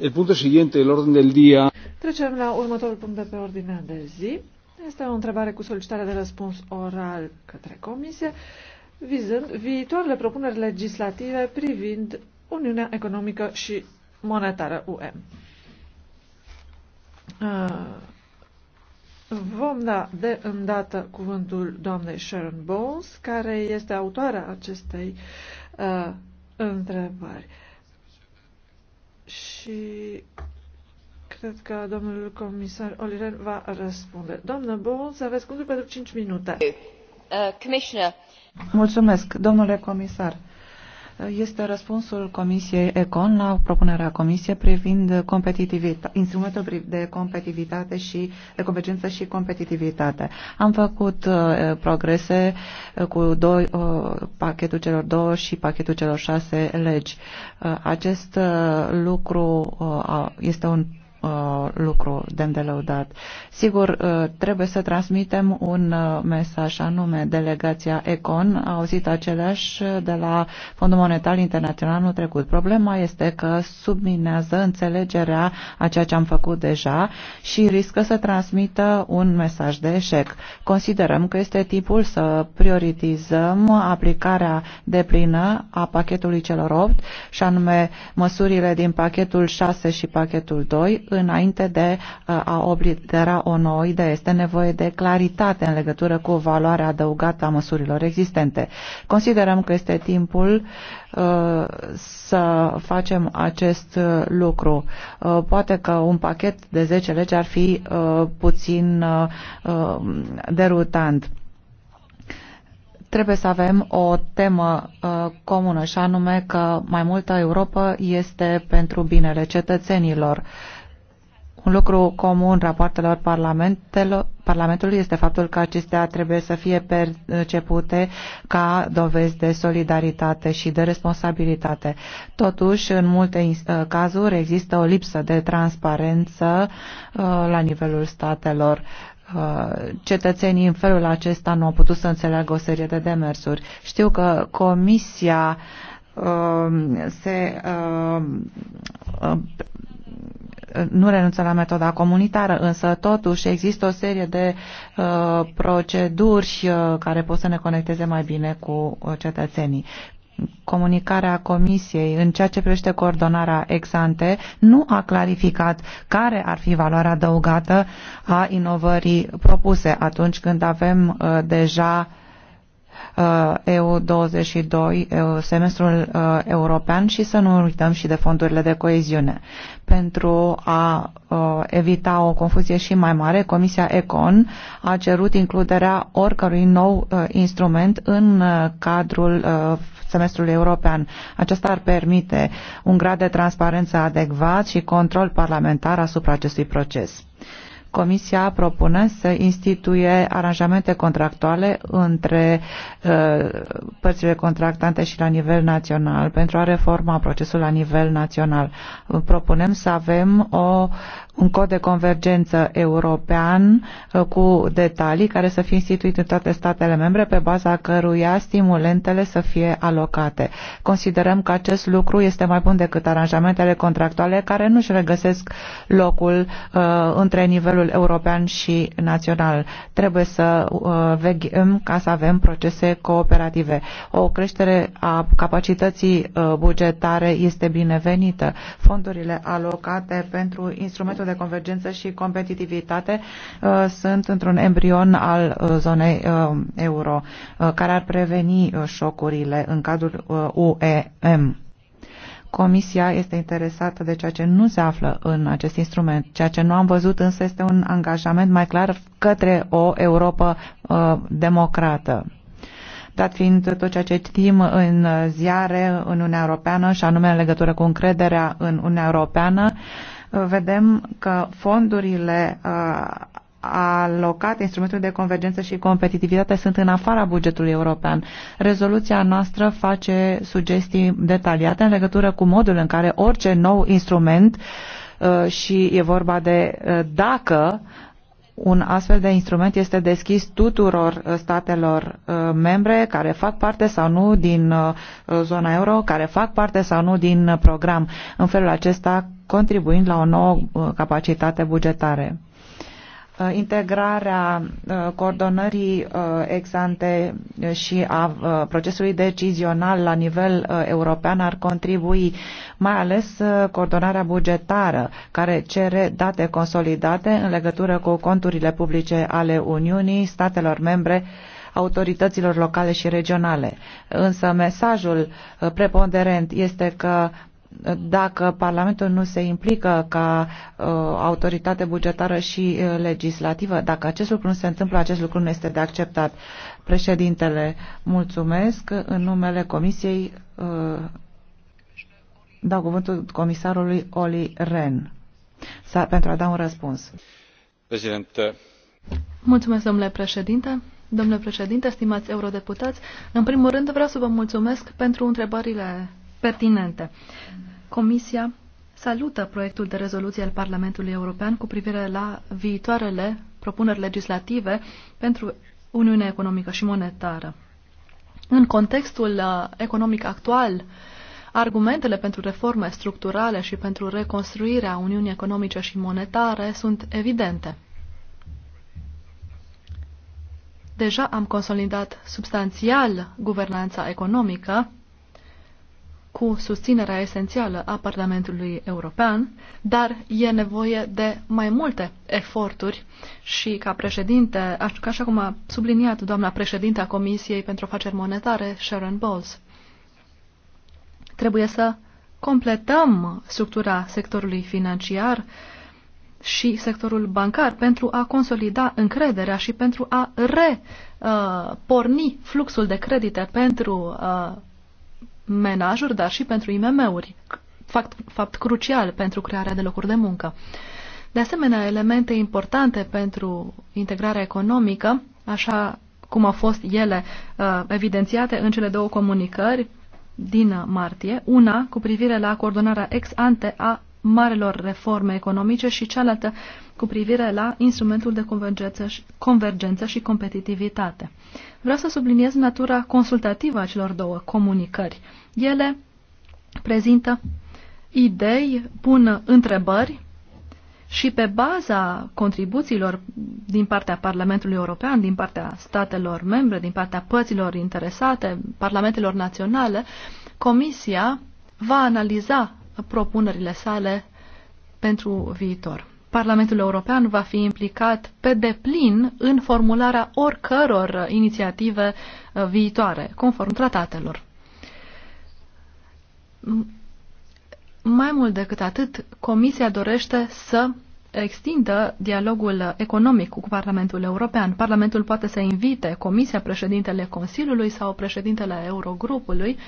El punto siguiente del orden del día. Trecem la următorul punct de pe ordinea de zi. Este o întrebare cu solicitare de răspuns oral către comisie, vizând viitoarele propuneri legislative privind Uniunea Economică și Monetară UE. Uh, vom da de îndată cuvântul doamnei Sharon Bones, care este autoarea acestei uh, întrebări. Uh, și cred că domnul comisar Oliren va răspunde. Doamnă Bowles, aveți cuvântul pentru 5 minute. Uh, Mulțumesc, domnule comisar. Este răspunsul Comisiei Econ la propunerea Comisiei privind instrumentul de competitivitate și de convergență și competitivitate. Am făcut uh, progrese uh, cu doi, uh, pachetul celor două și pachetul celor șase legi. Uh, acest uh, lucru uh, este un Uh, lucru demn de lăudat. Sigur, uh, trebuie să transmitem un uh, mesaj anume. Delegația Econ a auzit aceleași de la Fondul Monetar Internațional anul trecut. Problema este că subminează înțelegerea a ceea ce am făcut deja și riscă să transmită un mesaj de eșec. Considerăm că este timpul să prioritizăm aplicarea deplină a pachetului celor 8 și anume măsurile din pachetul 6 și pachetul 2 înainte de uh, a oblitera o nouă idee. Este nevoie de claritate în legătură cu valoarea adăugată a măsurilor existente. Considerăm că este timpul uh, să facem acest uh, lucru. Poate că un pachet de 10 legi ar fi puțin derutant trebuie să avem o temă uh, comună și anume că mai multă Europa este pentru binele cetățenilor. Uh, un lucru comun rapoartelor parlamentelor, Parlamentului este faptul că acestea trebuie să fie percepute ca dovezi de solidaritate și de responsabilitate. Totuși, în multe ă, cazuri există o lipsă de transparență ă, la nivelul statelor ă, cetățenii în felul acesta nu au putut să înțeleagă o serie de demersuri. Știu că Comisia se nu renunță la metoda comunitară, însă totuși există o serie de uh, proceduri uh, care pot să ne conecteze mai bine cu uh, cetățenii comunicarea Comisiei în ceea ce privește coordonarea ex-ante nu a clarificat care ar fi valoarea adăugată a inovării propuse atunci când avem uh, deja Uh, EU22, uh, semestrul uh, european și să nu uităm și de fondurile de coeziune. Pentru a evita o confuzie și mai mare, Comisia Econ a cerut includerea oricărui nou instrument în cadrul semestrului european. Acesta ar permite un grad de transparență adecvat și control parlamentar asupra acestui proces. Comisia propune să instituie aranjamente contractuale între uh, părțile contractante și la nivel național pentru a reforma procesul la nivel național. Propunem să avem o un cod de convergență european uh, cu detalii care să fie instituit în toate statele membre pe baza căruia stimulentele să fie alocate. Considerăm că acest lucru este mai bun decât aranjamentele contractuale care nu își regăsesc locul uh, între nivelul european și național. Trebuie să uh, veghem ca să avem procese cooperative. O creștere a capacității uh, bugetare este binevenită. Fondurile alocate pentru instrumentul de convergență și competitivitate uh, sunt într-un embrion al uh, zonei uh, euro, care ar preveni șocurile în cadrul UEM. Comisia este interesată de ceea ce nu se află în acest instrument. Ceea ce nu am văzut însă este un angajament mai clar către o Europa democrată dat fiind tot ceea ce citim în ziare în Uniunea Europeană și anume în legătură cu încrederea în Uniunea Europeană, uh, vedem că fondurile uh, alocate instrumentului de convergență și competitivitate sunt în afara bugetului european. Rezoluția noastră face sugestii detaliate în legătură cu modul în care orice nou instrument uh, și e vorba de uh, dacă un astfel de instrument este deschis tuturor statelor membre care fac parte sau nu din zona euro, care fac parte sau nu din program. În felul acesta, contribuind la o nouă uh, capacitate bugetare. Uh, integrarea uh, coordonării exante și a procesului decizional la nivel european ar contribui, mai ales coordonarea bugetară, care cere date consolidate în legătură cu conturile publice ale Uniunii, statelor membre, autorităților locale și regionale. Însă mesajul preponderent este că dacă Parlamentul nu se implică ca uh, autoritate bugetară și uh, legislativă, dacă acest lucru nu se întâmplă, acest lucru nu este de acceptat. Președintele, mulțumesc. În numele Comisiei uh, dau cuvântul comisarului Oli Ren sa, pentru a da un răspuns. Președinte. Mulțumesc, domnule președinte. Domnule președinte, stimați eurodeputați, în primul rând vreau să vă mulțumesc pentru întrebările pertinente. Comisia salută proiectul de rezoluție al Parlamentului European cu privire la viitoarele propuneri legislative pentru Uniunea Economică și Monetară. În contextul uh, economic actual, argumentele pentru reforme structurale și pentru reconstruirea Uniunii Economice și Monetare sunt evidente. Deja am consolidat substanțial guvernanța economică, cu susținerea esențială a Parlamentului European, dar e nevoie de mai multe eforturi și ca președinte, așa cum a subliniat doamna președinte a Comisiei pentru Afaceri Monetare, Sharon Bowles, trebuie să completăm structura sectorului financiar și sectorul bancar pentru a consolida încrederea și pentru a reporni uh, fluxul de credite pentru uh, menajuri, dar și pentru IMM-uri. Fapt, fapt crucial pentru crearea de locuri de muncă. De asemenea, elemente importante pentru integrarea economică, așa cum au fost ele uh, evidențiate în cele două comunicări din martie, una cu privire la coordonarea ex ante a marelor reforme economice și cealaltă cu privire la instrumentul de convergență și, convergență și competitivitate. Vreau să subliniez natura consultativă a celor două comunicări. Ele prezintă idei, pun întrebări și pe baza contribuțiilor din partea Parlamentului European, din partea statelor membre, din partea părților interesate, parlamentelor naționale, Comisia va analiza propunerile sale pentru viitor. Parlamentul European va fi implicat pe deplin în formularea oricăror inițiative uh, viitoare, conform tratatelor. Mai mult decât atât, Comisia dorește să extindă dialogul economic cu Parlamentul European. Parlamentul poate să invite Comisia, președintele Consiliului sau președintele Eurogrupului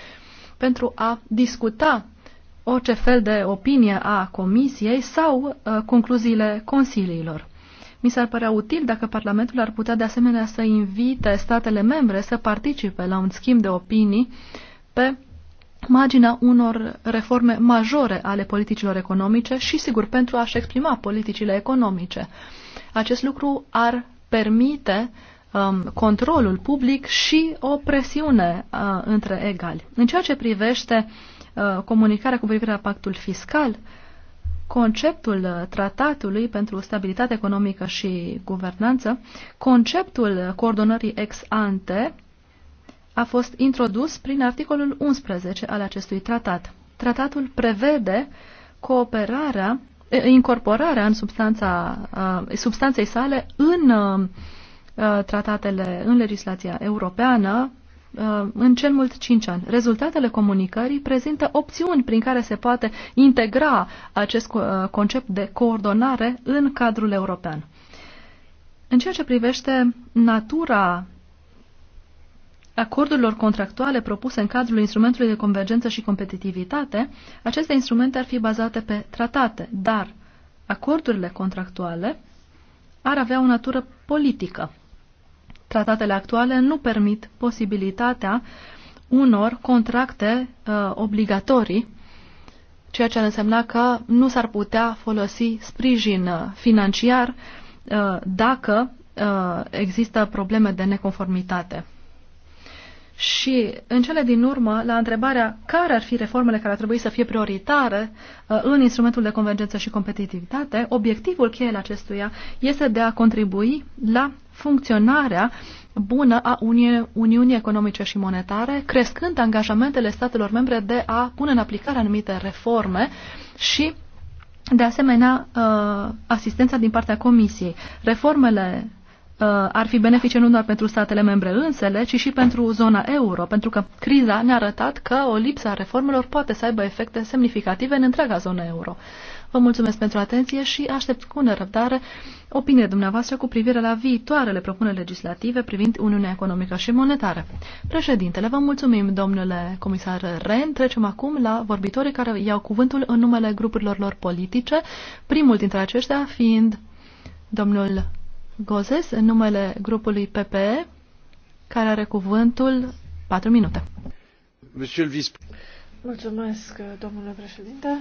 pentru a discuta uh, orice fel de opinie a Comisiei sau uh, concluziile Consiliilor. Mi s-ar părea util dacă Parlamentul ar putea de asemenea să invite statele membre să participe la un schimb de opinii pe marginea unor reforme majore ale politicilor economice și, sigur, pentru a-și exprima politicile economice. Acest lucru ar permite um, controlul public și o presiune uh, între egali. În ceea ce privește uh, Uh, comunicarea cu privire la pactul fiscal, conceptul uh, tratatului pentru stabilitate economică și guvernanță, conceptul coordonării ex ante a fost introdus prin articolul 11 al acestui tratat. Tratatul prevede cooperarea, incorporarea în substanța, uh, substanței sale în tratatele, în legislația europeană, Uh, în cel mult 5 ani. Rezultatele comunicării prezintă opțiuni prin care se poate integra acest uh, concept de coordonare în cadrul european. În ceea ce privește natura acordurilor contractuale propuse în cadrul instrumentului de convergență și competitivitate, aceste instrumente ar fi bazate pe tratate, dar acordurile contractuale ar avea o natură politică. Tratatele actuale nu permit posibilitatea unor contracte uh, obligatorii, ceea ce ar însemna că nu s-ar putea folosi sprijin uh, financiar uh, dacă uh, există probleme de neconformitate. Și în cele din urmă, la întrebarea care ar fi reformele care ar trebui să fie prioritare uh, în instrumentul de convergență și competitivitate, obiectivul cheie al acestuia este de a contribui la funcționarea bună a Uni Uniunii Economice și Monetare, crescând angajamentele statelor membre de a pune în aplicare anumite reforme și, de asemenea, uh, asistența din partea Comisiei. Reformele uh, ar fi benefice nu doar pentru statele membre însele, ci și pentru zona euro, pentru că criza ne-a arătat că o lipsă a reformelor poate să aibă efecte semnificative în întreaga zonă euro. Vă mulțumesc pentru atenție și aștept cu nerăbdare opinia dumneavoastră cu privire la viitoarele propuneri legislative privind Uniunea Economică și Monetară. Președintele, vă mulțumim, domnule comisar Ren. Trecem acum la vorbitorii care iau cuvântul în numele grupurilor lor politice, primul dintre aceștia fiind domnul Gozes, în numele grupului PPE, care are cuvântul 4 minute. Mulțumesc, domnule președinte.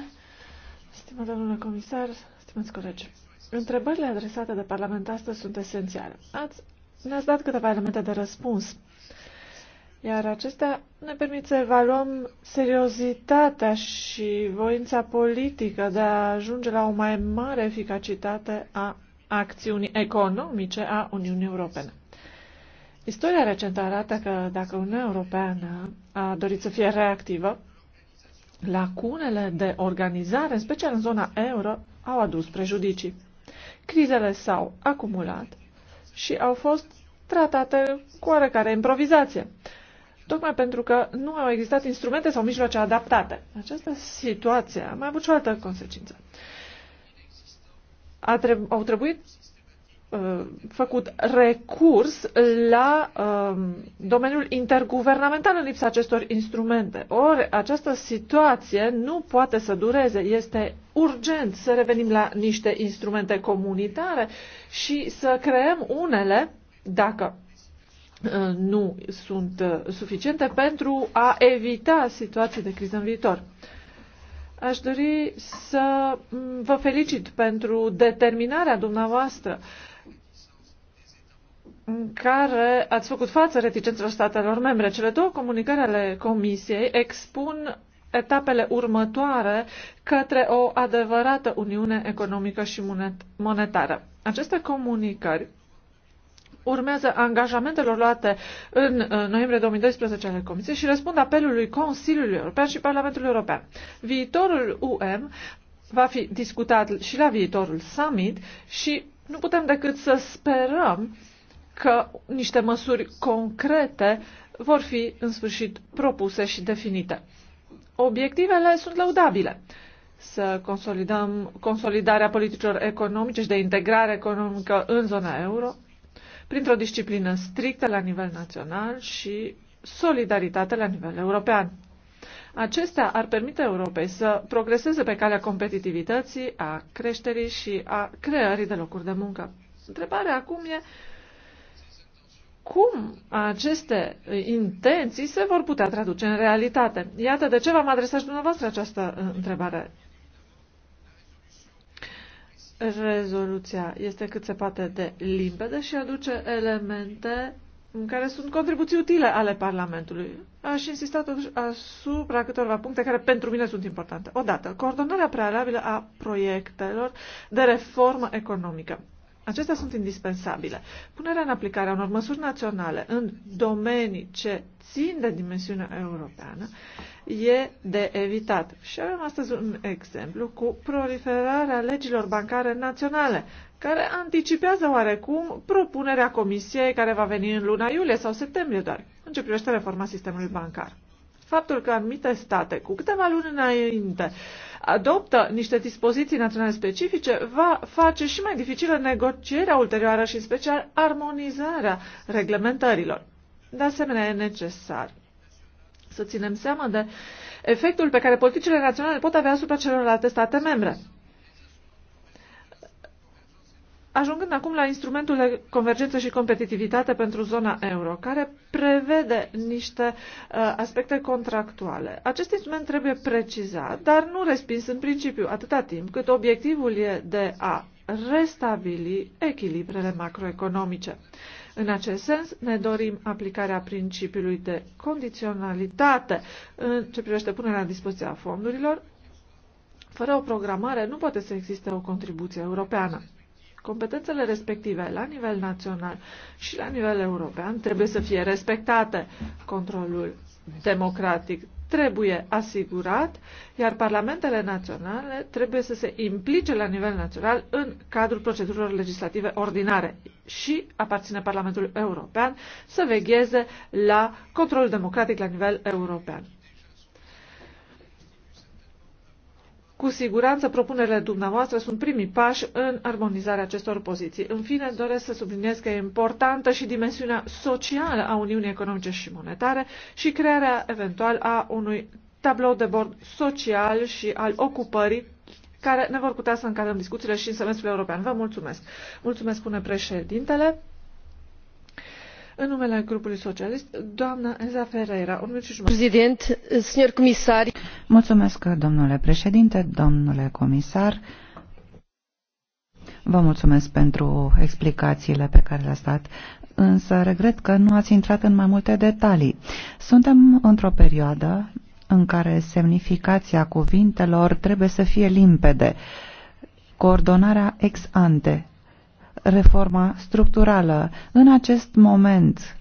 Stimați domnule comisar, stimați colegi, întrebările adresate de Parlament astăzi sunt esențiale. Ați, ne-ați dat câteva elemente de răspuns, iar acestea ne permit să evaluăm seriozitatea și voința politică de a ajunge la o mai mare eficacitate a acțiunii economice a Uniunii Europene. Istoria recentă arată că dacă Uniunea Europeană a dorit să fie reactivă, Lacunele de organizare, special în zona euro, au adus prejudicii. Crizele s-au acumulat și au fost tratate cu oarecare improvizație, tocmai pentru că nu au existat instrumente sau mijloace adaptate. Această situație a mai avut și o altă consecință. A treb- au trebuit Uh, făcut recurs la um, domeniul interguvernamental în lipsa acestor instrumente. Ori această situație nu poate să dureze. Este urgent să revenim la niște instrumente comunitare și să creăm unele, dacă uh, nu sunt uh, suficiente, pentru a evita situații de criză în viitor. Aș dori să mm, vă felicit pentru determinarea dumneavoastră uh, în care ați făcut față reticențelor statelor membre. Cele două comunicări ale Comisiei expun etapele următoare către o adevărată uniune economică și monetară. Aceste comunicări urmează angajamentelor luate în uh, noiembrie 2012 ale Comisiei și răspund apelului Consiliului European și Parlamentului European. Viitorul UM va fi discutat și la viitorul summit și nu putem decât să sperăm că niște măsuri concrete vor fi în sfârșit propuse și definite. Obiectivele sunt laudabile. Să consolidăm consolidarea politicilor economice și de integrare economică în zona euro, printr-o disciplină strictă la nivel național și solidaritate la nivel european. Acestea ar permite Europei să progreseze pe calea competitivității, a creșterii și a creării de locuri de muncă. Întrebarea acum e cum aceste uh, intenții se vor putea traduce în realitate. Iată de ce v-am adresat și dumneavoastră această uh, întrebare. Rezoluția este cât se poate de limpede și aduce elemente în care sunt contribuții utile ale Parlamentului. Aș insista totuși asupra câteva puncte care pentru mine sunt importante. Odată, coordonarea prealabilă a proiectelor de reformă economică. Acestea sunt indispensabile. Punerea în aplicare a unor măsuri naționale în domenii ce țin de dimensiunea europeană e de evitat. Și avem astăzi un exemplu cu proliferarea legilor bancare naționale, care anticipează oarecum propunerea comisiei care va veni în luna iulie sau septembrie doar, în ce privește reforma sistemului bancar faptul că anumite state, cu câteva luni înainte, adoptă niște dispoziții naționale specifice, va face și mai dificilă negocierea ulterioară și, în special, armonizarea reglementărilor. De asemenea, e necesar să ținem seama de efectul pe care politicile naționale pot avea asupra celorlalte state membre. Ajungând acum la instrumentul de convergență și competitivitate pentru zona euro, care prevede niște uh, aspecte contractuale. Acest instrument trebuie precizat, dar nu respins în principiu, atâta timp cât obiectivul e de a restabili echilibrele macroeconomice. În acest sens, ne dorim aplicarea principiului de condiționalitate în ce privește punerea la dispoziția fondurilor. Fără o programare nu poate să existe o contribuție europeană. Competențele respective la nivel național și la nivel european trebuie să fie respectate. Controlul democratic trebuie asigurat, iar parlamentele naționale trebuie să se implice la nivel național în cadrul procedurilor legislative ordinare și aparține Parlamentului European să vegheze la controlul democratic la nivel european. Cu siguranță, propunerile dumneavoastră sunt primii pași în armonizarea acestor poziții. În fine, doresc să subliniez că e importantă și dimensiunea socială a Uniunii Economice și Monetare și crearea eventual a unui tablou de bord social și al ocupării care ne vor putea să încadrăm discuțiile și în semestrul european. Vă mulțumesc. Mulțumesc, spune președintele. În numele grupului socialist, doamna Eza Ferreira, un minut și jumătate. Prezident, senior comisar. Mulțumesc, domnule președinte, domnule comisar. Vă mulțumesc pentru explicațiile pe care le-ați dat, însă regret că nu ați intrat în mai multe detalii. Suntem într-o perioadă în care semnificația cuvintelor trebuie să fie limpede. Coordonarea ex ante reforma structurală. În acest moment,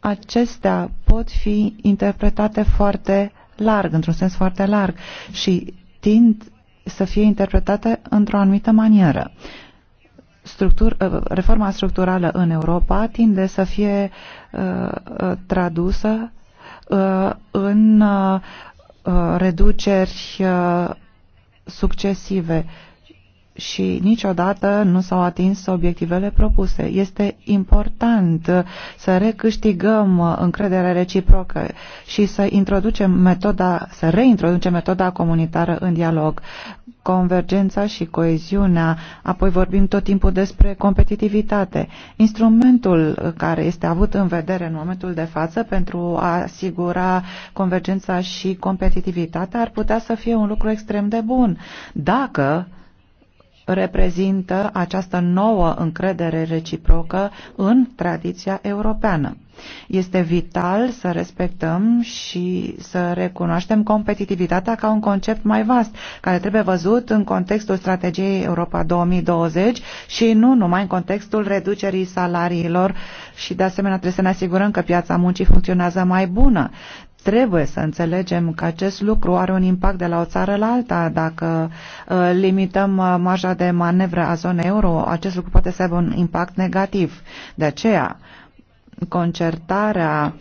acestea pot fi interpretate foarte larg, într-un sens foarte larg și tind să fie interpretate într-o anumită manieră. Structur, uh, reforma structurală în Europa tinde să fie uh, uh tradusă uh, în uh, uh reduceri uh, succesive uh, și niciodată nu s-au atins obiectivele propuse. Este important să recâștigăm încrederea reciprocă și să introducem metoda, să reintroducem metoda comunitară în dialog convergența și coeziunea, apoi vorbim tot timpul despre competitivitate. Instrumentul care este avut în vedere în momentul de față pentru a asigura convergența și competitivitatea ar putea să fie un lucru extrem de bun. Dacă reprezintă această nouă încredere reciprocă în tradiția europeană. Este vital să respectăm și să recunoaștem competitivitatea ca un concept mai vast, care trebuie văzut în contextul strategiei Europa 2020 și nu numai în contextul reducerii salariilor și de asemenea trebuie să ne asigurăm că piața muncii funcționează mai bună, Trebuie să înțelegem că acest lucru are un impact de la o țară la alta. Dacă uh, limităm uh, marja de manevră a zonei euro, acest lucru poate să aibă un impact negativ. De aceea, concertarea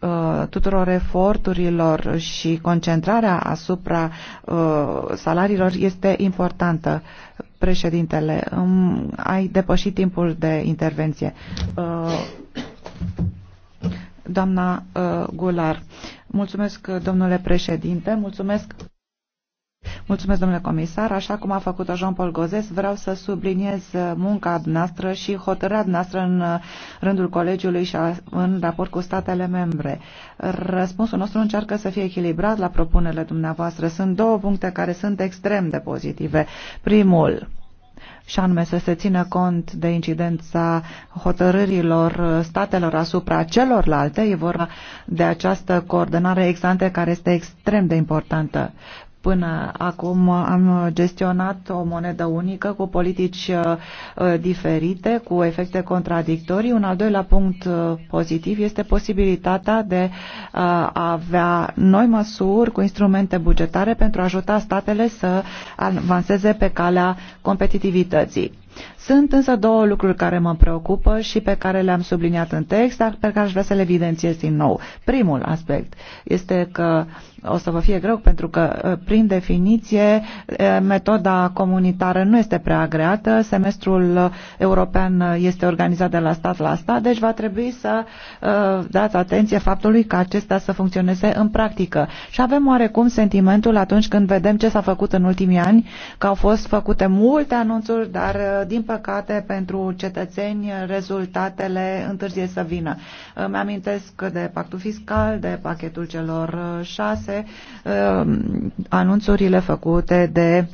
uh, tuturor eforturilor și concentrarea asupra salariilor este importantă. Președintele, ai depășit timpul de intervenție. Doamna Gular, Mulțumesc, domnule președinte, mulțumesc. Mulțumesc, domnule comisar. Așa cum a făcut-o Jean-Paul Gozes, vreau să subliniez munca noastră și hotărârea noastră în rândul colegiului și în raport cu statele membre. Răspunsul nostru încearcă să fie echilibrat la propunerile dumneavoastră. Sunt două puncte care sunt extrem de pozitive. Primul, și anume să se țină cont de incidența hotărârilor statelor asupra celorlalte. E vorba de această coordonare ex care este extrem de importantă. Până acum am gestionat o monedă unică cu politici uh, diferite, cu efecte contradictorii. Un al doilea punct uh, pozitiv este posibilitatea de uh, a avea noi măsuri cu instrumente bugetare pentru a ajuta statele să avanseze pe calea competitivității. Sunt însă două lucruri care mă preocupă și pe care le-am subliniat în text, dar pe care aș vrea să le evidențiez din nou. Primul aspect este că o să vă fie greu pentru că, ă, prin definiție, ă, metoda comunitară nu este prea agreată, semestrul european este organizat de la stat la stat, deci va trebui să ă, dați atenție faptului că acesta să funcționeze în practică. Și avem oarecum sentimentul atunci când vedem ce s-a făcut în ultimii ani, că au fost făcute multe anunțuri, dar din păcate, pentru cetățeni, rezultatele întârzie să vină. Îmi amintesc de pactul fiscal, de pachetul celor șase, um, anunțurile făcute de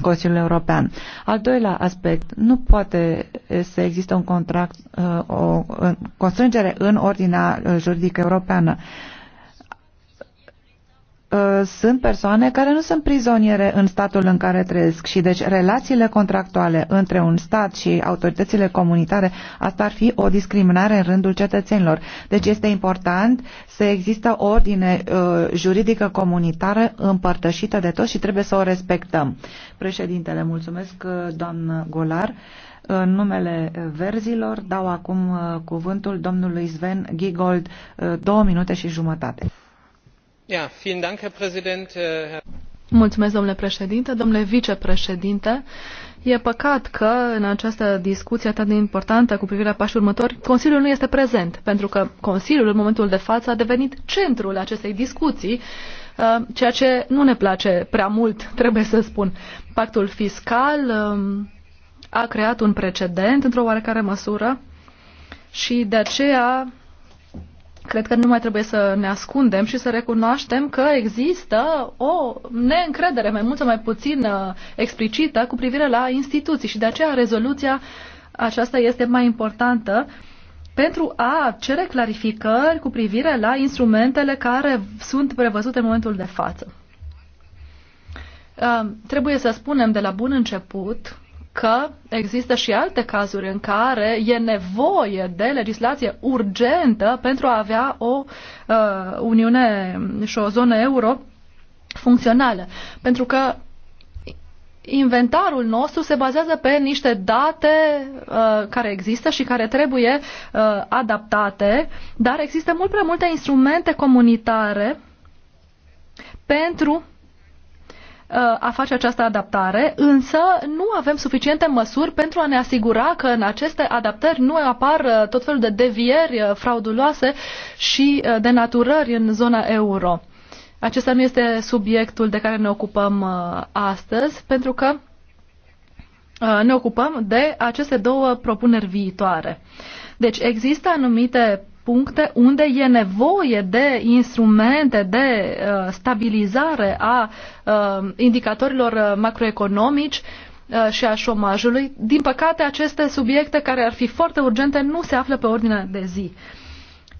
Consiliul European. Al doilea aspect, nu poate să existe un contract, uh, o constrângere în ordinea juridică europeană. Uh, sunt persoane care nu sunt prizoniere în statul în care trăiesc și deci relațiile contractuale între un stat și autoritățile comunitare, asta ar fi o discriminare în rândul cetățenilor. Deci este important să există ordine uh, juridică comunitară împărtășită de toți și trebuie să o respectăm. Președintele, mulțumesc uh, doamnă Golar. Uh, în numele verzilor dau acum cuvântul domnului Sven Gigold, două minute și jumătate. Äh, Mulțumesc, domnule președinte, domnule vicepreședinte. E păcat că în această discuție atât de importantă cu privire la pașii următori, Consiliul nu este prezent, pentru că Consiliul în momentul de față a devenit centrul acestei discuții, uh, ceea ce nu ne place prea mult, trebuie să spun. Pactul fiscal um, a creat un precedent într-o oarecare măsură și de aceea Cred că nu mai trebuie să ne ascundem și să recunoaștem că există o neîncredere, mai mult sau mai puțin uh, explicită, cu privire la instituții și de aceea rezoluția aceasta este mai importantă pentru a cere clarificări cu privire la instrumentele care sunt prevăzute în momentul de față. Uh, trebuie să spunem de la bun început că există și alte cazuri în care e nevoie de legislație urgentă pentru a avea o uh, Uniune și o zonă euro funcțională. Pentru că inventarul nostru se bazează pe niște date uh, care există și care trebuie uh, adaptate, dar există mult prea multe instrumente comunitare pentru a face această adaptare, însă nu avem suficiente măsuri pentru a ne asigura că în aceste adaptări nu apar uh, tot felul de devieri uh, frauduloase și uh, denaturări în zona euro. Acesta nu este subiectul de care ne ocupăm astăzi, pentru că ne ocupăm de aceste două propuneri viitoare. Deci există anumite puncte unde e nevoie de instrumente de uh, stabilizare a uh, indicatorilor uh, macroeconomici și a șomajului. Din păcate, aceste subiecte care ar fi foarte urgente nu se află pe ordinea de zi.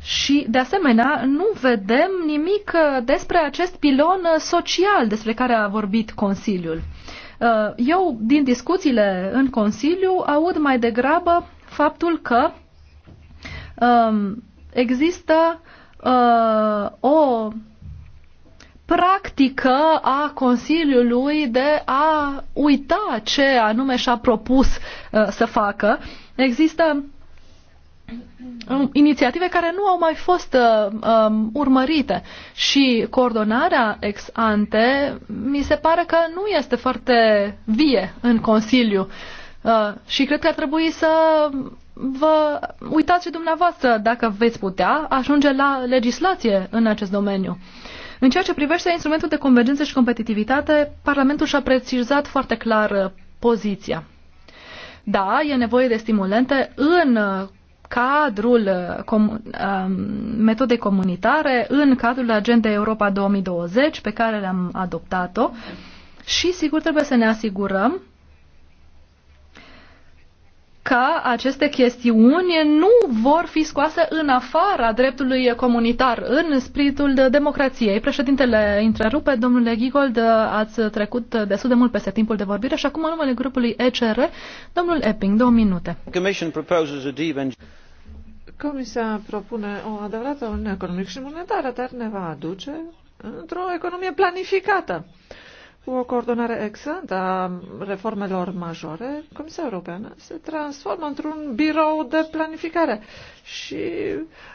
Și, de asemenea, nu vedem nimic despre acest pilon social despre care a vorbit Consiliul. Eu, din discuțiile în Consiliu, aud mai degrabă faptul că um, există uh, o practică a Consiliului de a uita ce anume și-a propus uh, să facă. Există um, inițiative care nu au mai fost uh, um, urmărite și coordonarea ex ante mi se pare că nu este foarte vie în Consiliu uh, și cred că ar trebui să vă uitați și dumneavoastră, dacă veți putea, ajunge la legislație în acest domeniu. În ceea ce privește instrumentul de convergență și competitivitate, Parlamentul și-a precizat foarte clar uh, poziția. Da, e nevoie de stimulente în uh, cadrul uh, com, um, metodei comunitare, în cadrul agendei Europa 2020 pe care le-am adoptat-o și sigur trebuie să ne asigurăm că aceste chestiuni nu vor fi scoase în afara dreptului comunitar, în spiritul de democrației. Președintele întrerupe, domnule Gigold, ați trecut destul de mult peste timpul de vorbire și acum în numele grupului ECR, domnul Epping, două minute. Comisia propune o adevărată uniune economică și monetară, dar ne va aduce într-o economie planificată. Uh, cu o coordonare exantă a reformelor majore, Comisia Europeană se transformă într-un birou de planificare și,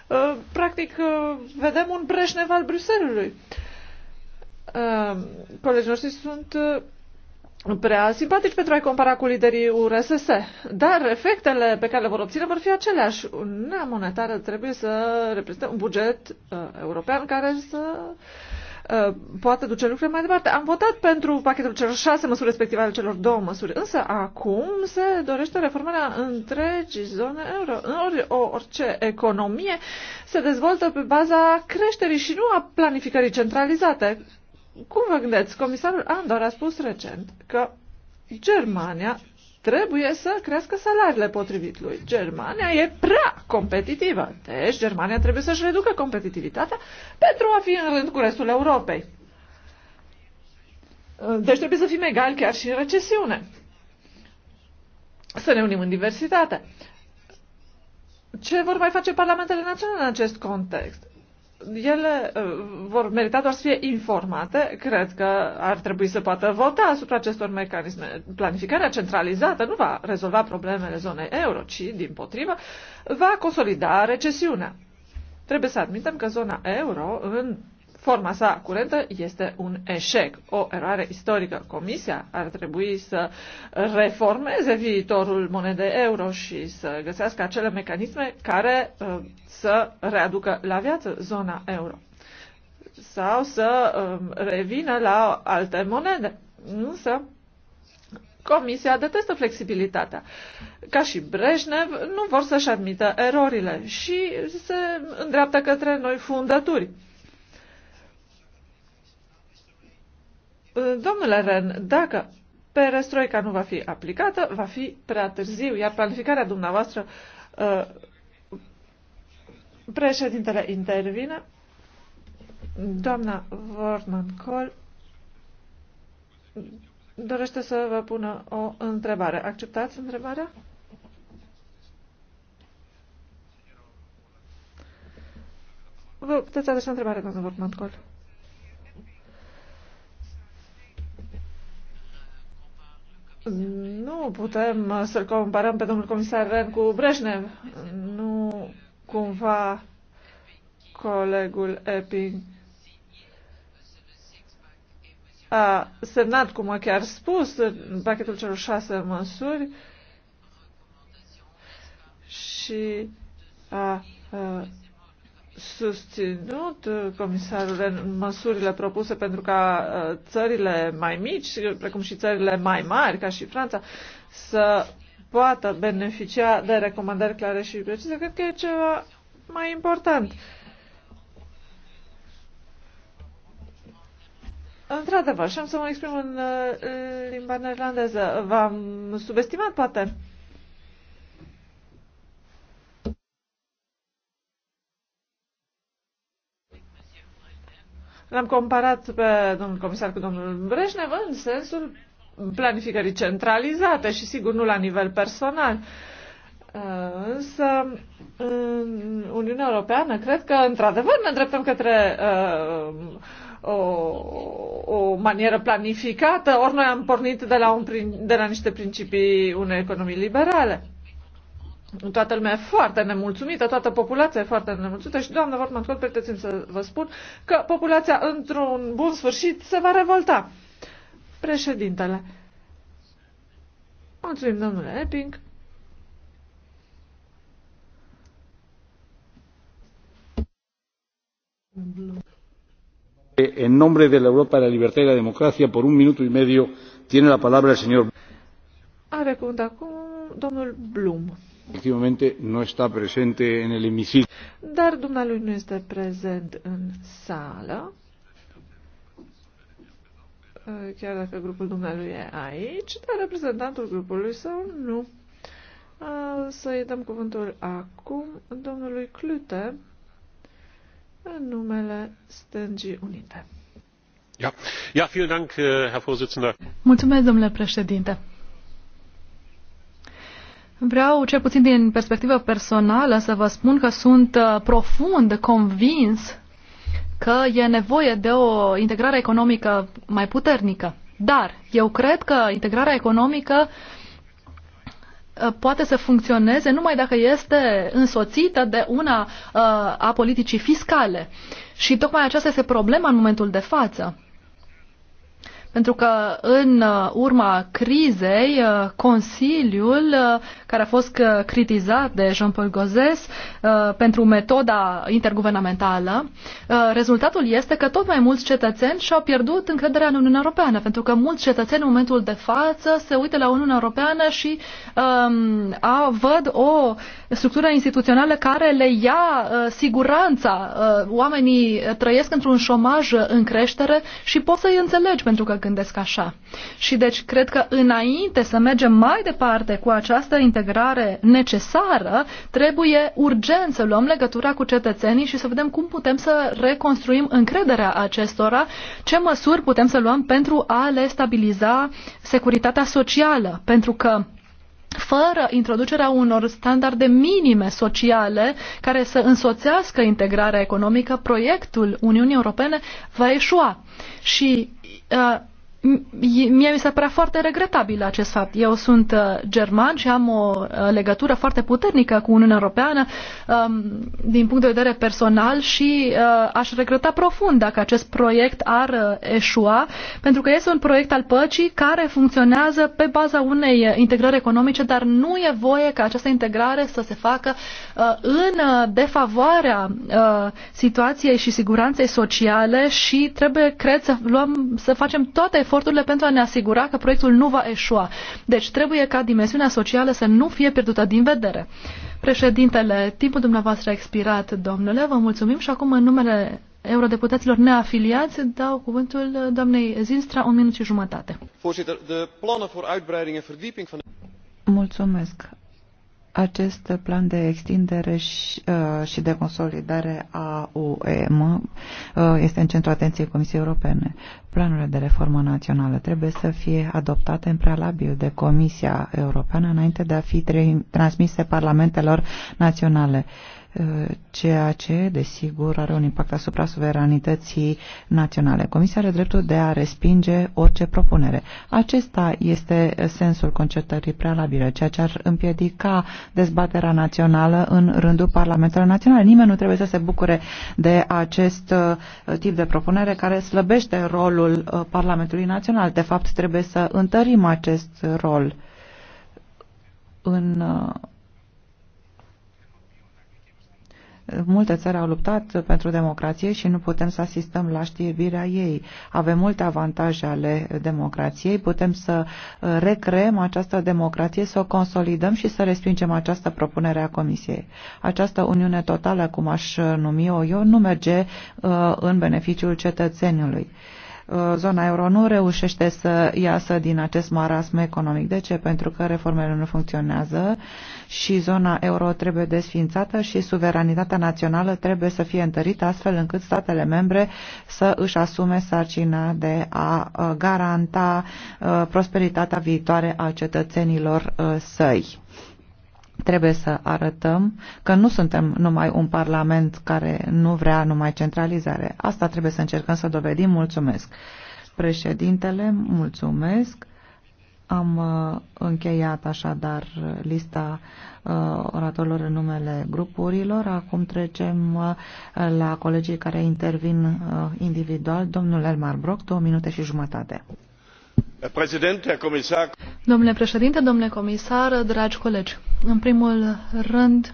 uh, practic, uh, vedem un Breșnev al Bruselului. Uh, colegii noștri sunt prea simpatici pentru a-i compara cu liderii URSS, dar efectele pe care le vor obține vor fi aceleași. Uniunea monetară trebuie să reprezinte un buget uh, european care să uh, Uh, poate duce lucrurile mai departe. Am votat pentru pachetul celor șase măsuri respectiv ale celor două măsuri, însă acum se dorește reformarea întregii zone euro. Ori orice economie se dezvoltă pe baza creșterii și nu a planificării centralizate. Cum vă gândeți? Comisarul Andor a spus recent că Germania trebuie să crească salariile potrivit lui. Germania e prea competitivă, deci Germania trebuie să-și reducă competitivitatea pentru a fi în rând cu restul Europei. Deci trebuie să fim egali chiar și în recesiune. Să ne unim în diversitate. Ce vor mai face parlamentele naționale în acest context? ele uh, vor merita doar să fie informate. Cred că ar trebui să poată vota asupra acestor mecanisme. Planificarea centralizată nu va rezolva problemele zonei euro, ci, din potrivă, va consolida recesiunea. Trebuie să admitem că zona euro, în forma sa curentă este un eșec, o eroare istorică. Comisia ar trebui să reformeze viitorul monedei euro și să găsească acele mecanisme care uh, să readucă la viață zona euro sau să um, revină la alte monede. Însă, Comisia detestă flexibilitatea. Ca și Brejnev, nu vor să-și admită erorile și se îndreaptă către noi fundături. Domnule Ren, dacă perestroica nu va fi aplicată, va fi prea târziu, iar planificarea dumneavoastră, uh, președintele intervine, doamna Vorman Col dorește să vă pună o întrebare. Acceptați întrebarea? Vă puteți adresa întrebarea, doamna Vorman Col. Nu putem uh, să-l comparăm pe domnul comisar Ren cu Brejnev. Nu cumva colegul Epping a semnat, cum a chiar spus, în pachetul celor șase măsuri și a, a uh, susținut uh, comisarul în măsurile propuse pentru ca uh, țările mai mici, precum și țările mai mari, ca și Franța, să poată beneficia de recomandări clare și precise, cred că e ceva mai important. Într-adevăr, și am să mă exprim în uh, limba neerlandeză. V-am subestimat, poate. L-am comparat pe domnul comisar cu domnul Breșnev în sensul planificării centralizate și sigur nu la nivel personal. Uh, însă, în Uniunea Europeană, cred că, într-adevăr, ne îndreptăm către uh, o, o manieră planificată, ori noi am pornit de la, un, de la niște principii unei economii liberale toată lumea e foarte nemulțumită, toată populația e foarte nemulțumită și, doamnă Vortman Scott, permiteți-mi să vă spun că populația, într-un bun sfârșit, se va revolta. Președintele. Mulțumim, domnule Epping. En nombre de la Europa de la Libertad y la Democracia, por un minuto y medio, tiene la palabra el señor. Are cuvânt acum domnul Blum. Efectivamente, nu este prezent în hemiciclo. Dar dumnealui nu este prezent în sală. Chiar dacă grupul dumnealui e aici, dar reprezentantul grupului său nu. Să-i dăm cuvântul acum domnului Clute în numele Stângii Unite. Ja. Ja, vielen Dank, Herr Vorsitzender. Mulțumesc, domnule președinte. Vreau, cel puțin din perspectivă personală, să vă spun că sunt uh, profund convins că e nevoie de o integrare economică mai puternică. Dar eu cred că integrarea economică uh, poate să funcționeze numai dacă este însoțită de una uh, a politicii fiscale. Și tocmai aceasta este problema în momentul de față. Pentru că în uh, urma crizei, uh, Consiliul, uh, care a fost critizat de Jean-Paul Gozes pentru metoda interguvernamentală, rezultatul este că tot mai mulți cetățeni și-au pierdut încrederea în Uniunea Europeană, pentru că mulți cetățeni în momentul de față se uită la Uniunea Europeană și um, a, văd o uh, structură instituțională care le ia uh, siguranța. Uh, oamenii trăiesc într-un șomaj în creștere și poți să-i înțelegi pentru că gândesc așa. Și deci cred că înainte să mergem mai departe cu această integrare necesară, trebuie urgent să luăm legătura cu cetățenii și să vedem cum putem să reconstruim încrederea acestora, ce măsuri putem să luăm pentru a le stabiliza securitatea socială. Pentru că fără introducerea unor standarde minime sociale care să însoțească integrarea economică, proiectul Uniunii Europene va eșua. Și uh, mie mi se părea foarte regretabil acest fapt. Eu sunt uh, german și am o uh, legătură foarte puternică cu Uniunea Europeană um, din punct de vedere personal și uh, aș regreta profund dacă acest proiect ar eșua, pentru că este un proiect al păcii care funcționează pe baza unei integrări economice, dar nu e voie ca această integrare să se facă în defavoarea situației și siguranței sociale și trebuie, cred, să, luăm, să facem toate eforturile eforturile pentru a ne asigura că proiectul nu va eșua. Deci trebuie ca dimensiunea socială să nu fie pierdută din vedere. Președintele, timpul dumneavoastră a expirat, domnule, vă mulțumim și acum în numele eurodeputaților neafiliați dau cuvântul doamnei Zinstra, un minut și jumătate. Mulțumesc. Acest plan de extindere și, uh, și de consolidare a UEM uh, este în centrul atenției Comisiei Europene. Planurile de reformă națională trebuie să fie adoptate în prealabil de Comisia Europeană înainte de a fi transmise parlamentelor naționale. Uh, ceea ce, desigur, are un impact asupra suveranității naționale. Comisia are dreptul de a respinge orice propunere. Acesta este sensul concertării prealabile, ceea ce ar împiedica dezbaterea națională în rândul Parlamentelor Naționale. Nimeni nu trebuie să se bucure de acest uh, tip de propunere care slăbește rolul uh, Parlamentului Național. De fapt, trebuie să întărim acest rol în uh, Multe țări au luptat pentru democrație și nu putem să asistăm la știrbirea ei. Avem multe avantaje ale democrației, putem să uh, recreăm această democrație, să o consolidăm și să respingem această propunere a Comisiei. Această uniune totală, cum aș uh, numi-o eu, nu merge uh, în beneficiul cetățenilor. Uh, zona euro nu reușește să iasă din acest marasm economic. De ce? Pentru că reformele nu funcționează și zona euro trebuie desfințată și suveranitatea națională trebuie să fie întărită astfel încât statele membre să își asume sarcina de a uh, garanta uh, prosperitatea viitoare a cetățenilor săi. Trebuie să arătăm că nu suntem numai un parlament care nu vrea numai centralizare. Asta trebuie să încercăm să dovedim. Mulțumesc. Președintele, mulțumesc. Am uh, încheiat așadar uh, lista uh, oratorilor în numele grupurilor. Acum trecem la colegii care intervin individual. Domnul Elmar Brock, două minute și jumătate. Domnule președinte, domnule comisar, dragi colegi, în primul rând,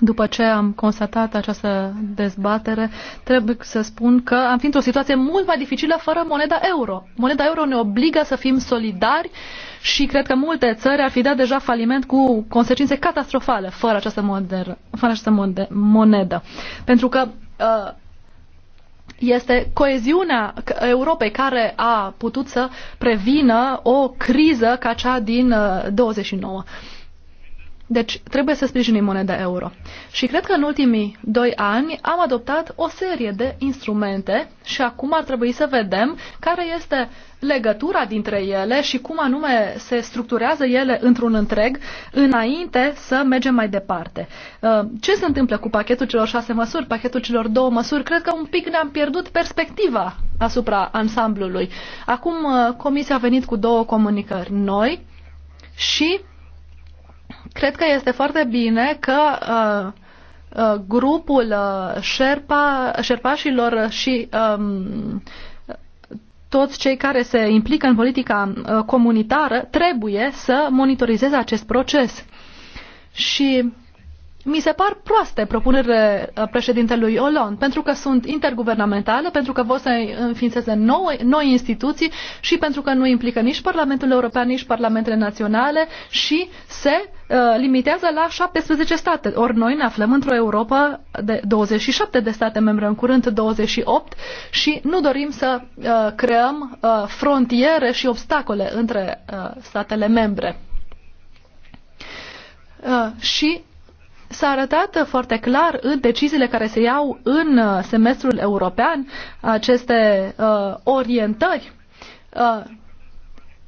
după ce am constatat această dezbatere, trebuie să spun că am fi într-o situație mult mai dificilă fără moneda euro. Moneda euro ne obligă să fim solidari și cred că multe țări ar fi dat deja faliment cu consecințe catastrofale fără această, moder, fără această monedă. Pentru că uh, este coeziunea Europei care a putut să prevină o criză ca cea din 29. Uh, deci trebuie să sprijinim moneda euro. Și cred că în ultimii doi ani am adoptat o serie de instrumente și acum ar trebui să vedem care este legătura dintre ele și cum anume se structurează ele într-un întreg înainte să mergem mai departe. Uh, ce se întâmplă cu pachetul celor șase măsuri, pachetul celor două măsuri? Cred că un pic ne-am pierdut perspectiva asupra ansamblului. Acum uh, Comisia a venit cu două comunicări noi și Cred că este foarte bine că uh, uh, grupul uh, șerpa, șerpașilor și um, toți cei care se implică în politica uh, comunitară trebuie să monitorizeze acest proces. Și mi se par proaste propunerile uh, președintelui Hollande, pentru că sunt interguvernamentale, pentru că vor să înființeze noi, noi instituții și pentru că nu implică nici Parlamentul European, nici Parlamentele Naționale și se uh, limitează la 17 state. Ori noi ne aflăm într-o Europa de 27 de state membre, în curând 28 și nu dorim să uh, creăm uh, frontiere și obstacole între uh, statele membre. Uh, și S-a arătat foarte clar în deciziile care se iau în uh, semestrul european aceste uh, orientări. Uh,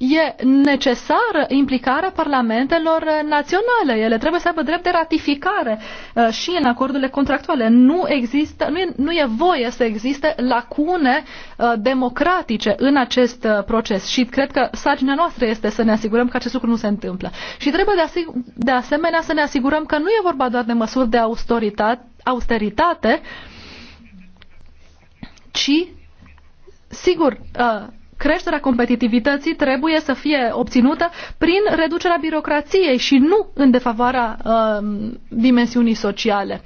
e necesară implicarea parlamentelor naționale. Ele trebuie să aibă drept de ratificare uh, și în acordurile contractuale. Nu, există, nu, e, nu e voie să existe lacune uh, democratice în acest uh, proces și cred că sarcina noastră este să ne asigurăm că acest lucru nu se întâmplă. Și trebuie de, de asemenea să ne asigurăm că nu e vorba doar de măsuri de austeritate, austeritate ci Sigur, creșterea competitivității trebuie să fie obținută prin reducerea birocrației și nu în defavoarea uh, dimensiunii sociale.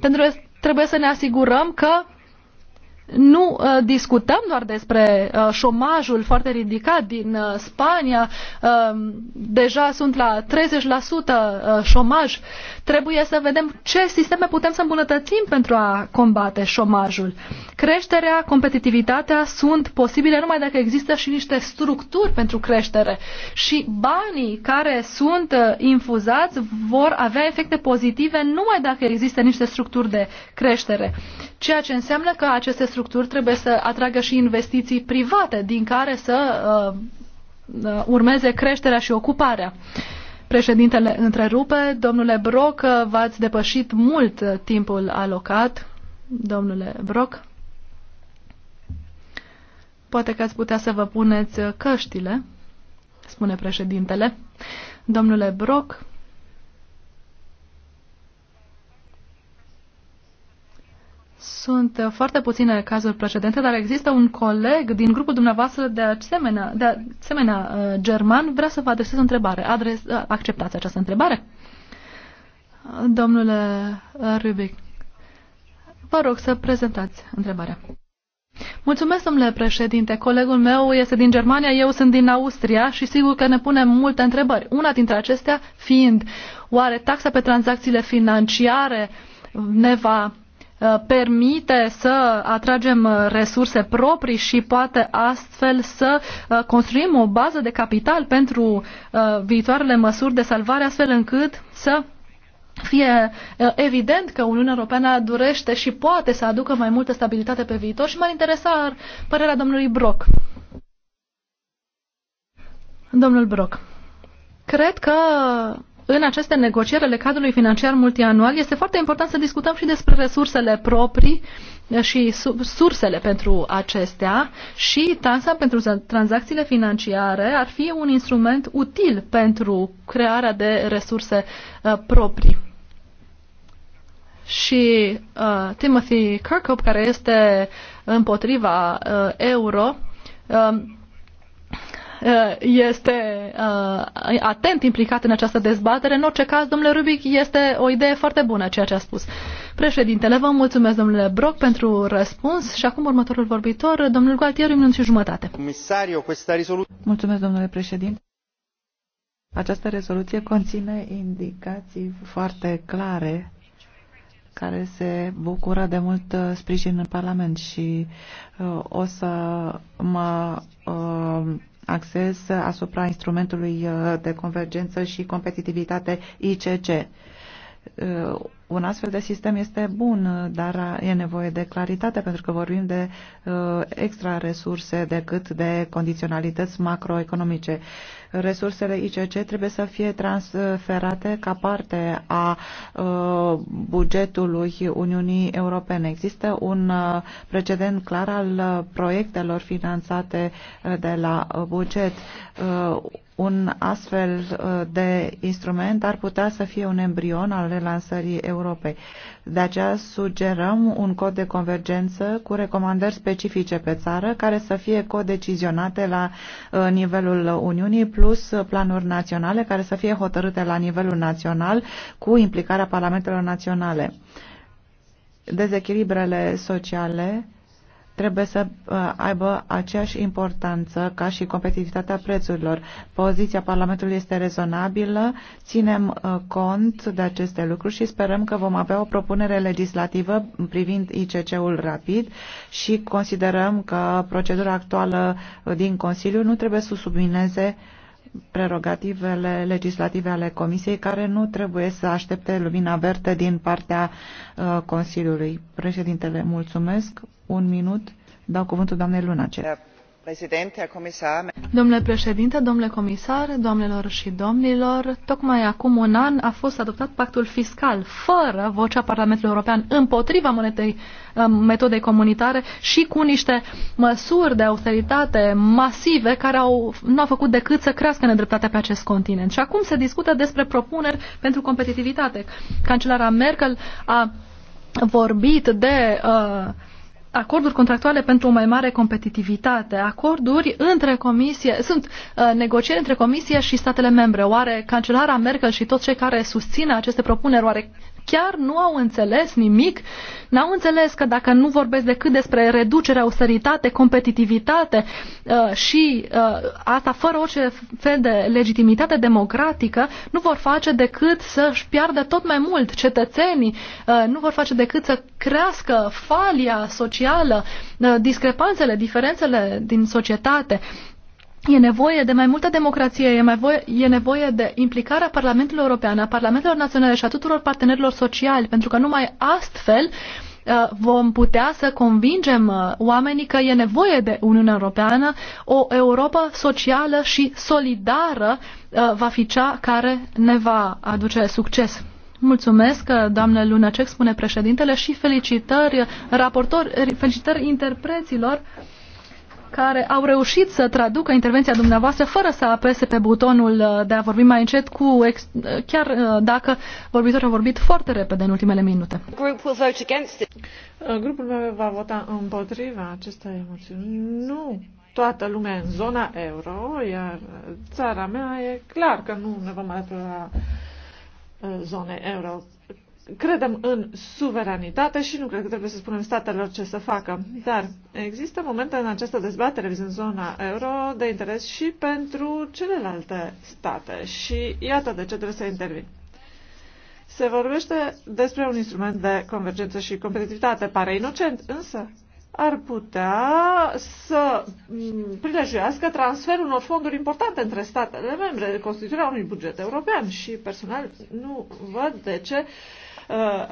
Pentru că trebuie să ne asigurăm că nu uh, discutăm doar despre uh, șomajul foarte ridicat din uh, Spania, uh, deja sunt la 30% uh, șomaj, Trebuie să vedem ce sisteme putem să îmbunătățim pentru a combate șomajul. Creșterea, competitivitatea sunt posibile numai dacă există și niște structuri pentru creștere și banii care sunt uh, infuzați vor avea efecte pozitive numai dacă există niște structuri de creștere. Ceea ce înseamnă că aceste structuri trebuie să atragă și investiții private din care să uh, uh urmeze creșterea și ocuparea. Uh, Președintele întrerupe. Domnule Broc, v-ați depășit mult timpul alocat. Domnule Broc, poate că ați putea să vă puneți căștile, spune președintele. Domnule Broc, Sunt uh, foarte puține cazuri precedente, dar există un coleg din grupul dumneavoastră de asemenea, de asemenea uh, german, vrea să vă adresez o întrebare. Adres, uh, acceptați această întrebare? Domnule Rubic, vă rog să prezentați întrebarea. Mulțumesc, domnule președinte. Colegul meu este din Germania, eu sunt din Austria și sigur că ne punem multe întrebări. Una dintre acestea fiind, oare taxa pe tranzacțiile financiare ne va Uh, permite să atragem uh, resurse proprii și poate astfel să uh, construim o bază de capital pentru viitoarele măsuri de salvare, astfel încât să fie evident că Uniunea Europeană durește și poate să aducă mai multă stabilitate pe viitor și m-ar interesa părerea domnului Brock. Domnul Brock, cred că în aceste negocieri ale cadrului financiar multianual este foarte important să discutăm și despre resursele proprii și sursele pentru acestea și taxa pentru tranzacțiile financiare ar fi un instrument util pentru crearea de resurse uh, proprii. Și uh, Timothy Kirkhope, care este împotriva uh, euro, uh, Uh, este uh, atent implicat în această dezbatere. În orice caz, domnule Rubic, este o idee foarte bună ceea ce a spus. Președintele, vă mulțumesc, domnule Brock, pentru răspuns și acum următorul vorbitor, domnul Gualtieri, un minut și jumătate. Mulțumesc, domnule președinte. Această rezoluție conține indicații foarte clare care se bucură de mult uh, sprijin în Parlament și uh, o să mă uh, acces asupra instrumentului uh, de convergență și competitivitate ICC. Uh, un astfel de sistem este bun, uh, dar e nevoie de claritate pentru că vorbim de extra resurse decât de condiționalități macroeconomice. Resursele ICC trebuie să fie transferate ca parte a uh, bugetului Uniunii Europene. Există un uh, precedent clar al uh, proiectelor finanțate de la buget un astfel de instrument ar putea să fie un embrion al relansării Europei. De aceea sugerăm un cod de convergență cu recomandări specifice pe țară care să fie codecizionate la nivelul Uniunii plus planuri naționale care să fie hotărâte la nivelul național cu implicarea parlamentelor naționale. Dezechilibrele sociale trebuie să uh, aibă aceeași importanță ca și competitivitatea prețurilor. Poziția Parlamentului este rezonabilă, ținem uh, cont de aceste lucruri și sperăm că vom avea o propunere legislativă privind ICC-ul rapid și considerăm că procedura actuală uh, din Consiliu nu trebuie să submineze uh, prerogativele legislative ale Comisiei, care nu trebuie să aștepte lumina verde din partea uh, Consiliului. Președintele, mulțumesc. Un minut. Dau cuvântul doamnei Lunacek. Domnule președinte, domnule comisar, doamnelor și domnilor, tocmai acum un an a fost adoptat pactul fiscal fără vocea Parlamentului European împotriva monetei, uh, metodei comunitare și cu niște măsuri de austeritate masive care au, nu au făcut decât să crească nedreptatea pe acest continent. Și acum se discută despre propuneri pentru competitivitate. Cancelara Merkel a vorbit de uh, acorduri contractuale pentru o mai mare competitivitate, acorduri între comisie, sunt uh, negocieri între comisie și statele membre. Oare cancelara Merkel și toți cei care susțin aceste propuneri, oare chiar nu au înțeles nimic, n-au înțeles că dacă nu vorbesc decât despre reducere, austeritate, competitivitate uh, și uh, asta fără orice fel de legitimitate democratică, nu vor face decât să-și piardă tot mai mult cetățenii, uh, nu vor face decât să crească falia socială, discrepanțele, diferențele din societate. E nevoie de mai multă democrație, e, mai voie, e nevoie de implicarea Parlamentului European, a Parlamentelor Naționale și a tuturor partenerilor sociali, pentru că numai astfel uh, vom putea să convingem uh, oamenii că e nevoie de Uniunea Europeană, o Europa socială și solidară uh, va fi cea care ne va aduce succes. Mulțumesc, doamnă Lunacek, spune președintele, și felicitări, raportor, felicitări interpreților care au reușit să traducă intervenția dumneavoastră fără să apese pe butonul uh, de a vorbi mai încet, cu ex- uh, chiar uh, dacă vorbitorul a vorbit foarte repede în ultimele minute. Grupul meu va vota împotriva acestei emoțiuni. Nu toată lumea în zona euro, iar țara mea e clar că nu ne vom alătura zone euro credem în suveranitate și nu cred că trebuie să spunem statelor ce să facă. Dar există momente în această dezbatere vizând zona euro de interes și pentru celelalte state și iată de ce trebuie să intervin. Se vorbește despre un instrument de convergență și competitivitate. Pare inocent, însă ar putea să mm, prilejuiască transferul unor fonduri importante între statele membre, constituirea unui buget european și personal nu văd de ce uh, Uh,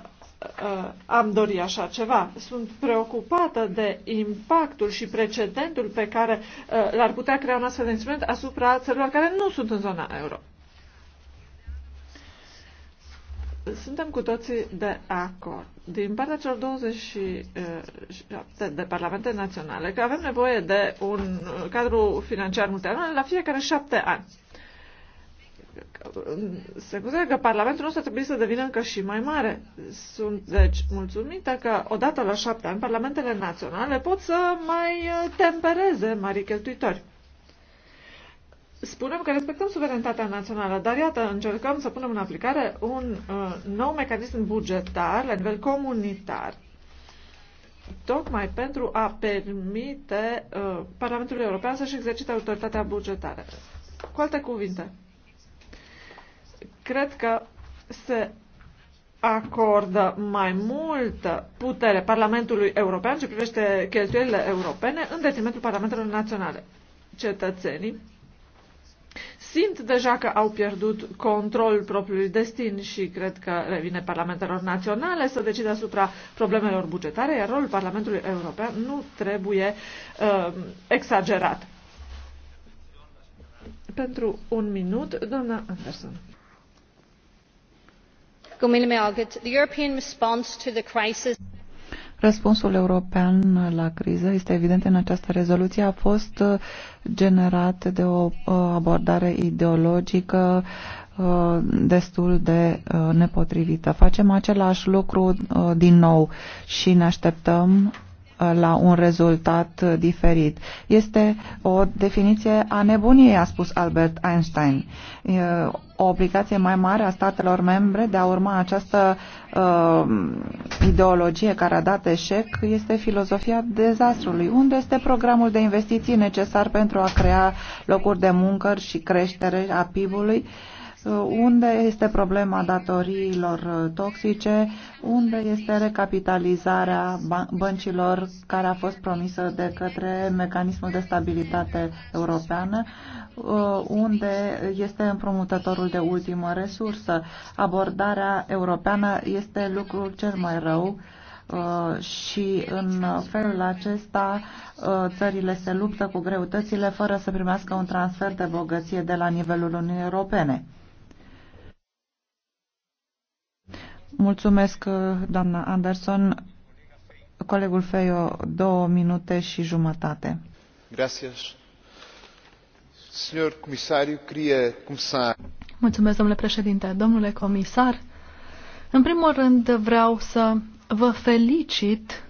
uh, am dori așa ceva. Sunt preocupată de impactul și precedentul pe care uh, l-ar putea crea un astfel de instrument asupra țărilor care nu sunt în zona euro. Suntem cu toții de acord din partea celor 27 de parlamente naționale că avem nevoie de un cadru financiar multianual la fiecare șapte ani se consideră că Parlamentul nostru trebuie să devină încă și mai mare. Sunt, deci, mulțumită că odată la șapte ani Parlamentele naționale pot să mai uh, tempereze mari cheltuitori. Spunem că respectăm suverenitatea națională, dar iată, încercăm să punem în aplicare un uh, nou mecanism bugetar la nivel comunitar, tocmai pentru a permite uh, Parlamentului European să-și exercite autoritatea bugetară. Cu alte cuvinte, Cred că se acordă mai multă putere Parlamentului European ce privește cheltuielile europene în detrimentul Parlamentelor Naționale. Cetățenii simt deja că au pierdut controlul propriului destin și cred că revine Parlamentelor Naționale să decide asupra problemelor bugetare, iar rolul Parlamentului European nu trebuie uh, exagerat. Pentru un minut, doamna Anderson. Răspunsul european la criză este evident în această rezoluție a fost uh, generat de o uh, abordare ideologică uh, destul de nepotrivită. Facem același lucru din nou și ne așteptăm la un rezultat diferit. Este o definiție a nebuniei, a spus Albert Einstein. O obligație mai mare a statelor membre de a urma această uh, ideologie care a dat eșec este filozofia dezastrului. Unde este programul de investiții necesar pentru a crea locuri de muncă și creștere a PIB-ului? Uh, Uh, unde este problema datoriilor uh, toxice, unde este recapitalizarea băncilor care a fost promisă de către mecanismul de stabilitate europeană, uh, unde este împrumutătorul de ultimă resursă. Abordarea europeană este lucrul cel mai rău și în felul acesta țările se luptă cu greutățile fără să primească un transfer de bogăție de la nivelul Uniunii Europene. Mulțumesc, uh, doamna Anderson. Colegul Feio, două minute și jumătate. Gracias. Senhor comissário, queria começar. Mulțumesc, domnule președinte. Domnule comisar, în primul rând vreau să vă felicit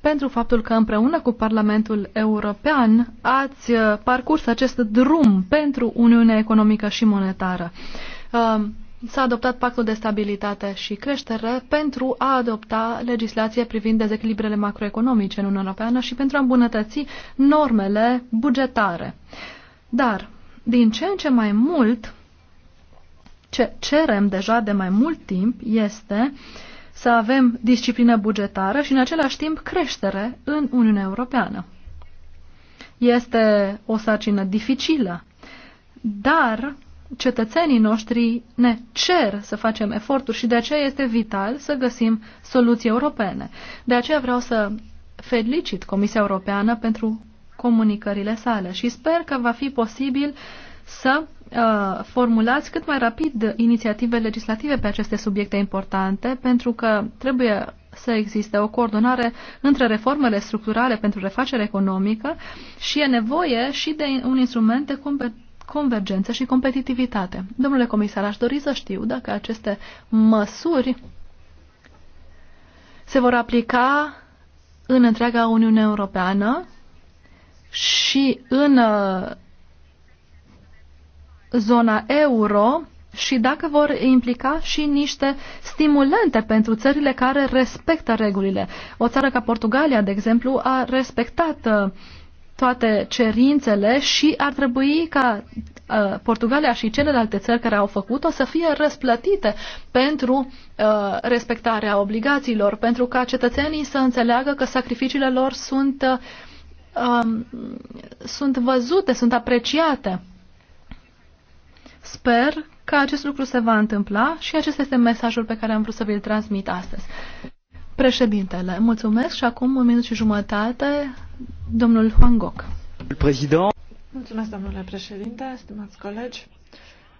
pentru faptul că împreună cu Parlamentul European ați uh, parcurs acest drum pentru Uniunea Economică și Monetară. Uh, s-a adoptat pactul de stabilitate și creștere pentru a adopta legislație privind dezechilibrele macroeconomice în Uniunea Europeană și pentru a îmbunătăți normele bugetare. Dar, din ce în ce mai mult, ce cerem deja de mai mult timp este să avem disciplină bugetară și în același timp creștere în Uniunea Europeană. Este o sarcină dificilă, dar cetățenii noștri ne cer să facem eforturi și de aceea este vital să găsim soluții europene. De aceea vreau să felicit Comisia Europeană pentru comunicările sale și sper că va fi posibil să uh, formulați cât mai rapid inițiative legislative pe aceste subiecte importante, pentru că trebuie să existe o coordonare între reformele structurale pentru refacere economică și e nevoie și de un instrument de convergență și competitivitate. Domnule comisar, aș dori să știu dacă aceste măsuri se vor aplica în întreaga Uniune Europeană și în uh, zona euro și dacă vor implica și niște stimulente pentru țările care respectă regulile. O țară ca Portugalia, de exemplu, a respectat uh, toate cerințele și ar trebui ca uh, Portugalia și celelalte țări care au făcut-o să fie răsplătite pentru uh, respectarea obligațiilor, pentru ca cetățenii să înțeleagă că sacrificiile lor sunt, uh, um, sunt văzute, sunt apreciate. Sper că acest lucru se va întâmpla și acesta este mesajul pe care am vrut să vi-l transmit astăzi. Președintele, mulțumesc și acum un minut și jumătate, domnul Juan Goc. President. Mulțumesc, domnule președinte, stimați colegi.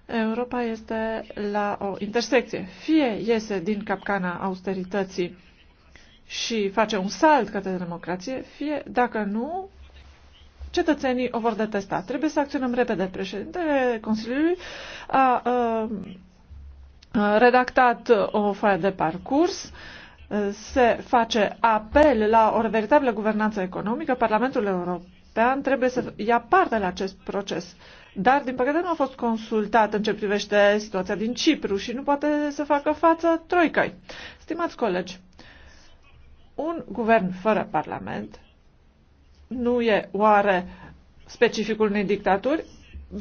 Europa este la o intersecție. Fie iese din capcana austerității și face un salt către democrație, fie, dacă nu, cetățenii o vor detesta. Trebuie să acționăm repede. Președintele Consiliului a, a, a redactat o foaie de parcurs A, se face apel la o veritabilă guvernanță economică, Parlamentul European trebuie să ia parte la acest proces. Dar, din păcate, nu a fost consultat în ce privește situația din Cipru și nu poate să facă față troicăi. Stimați colegi, un guvern fără Parlament nu e oare specificul unei dictaturi?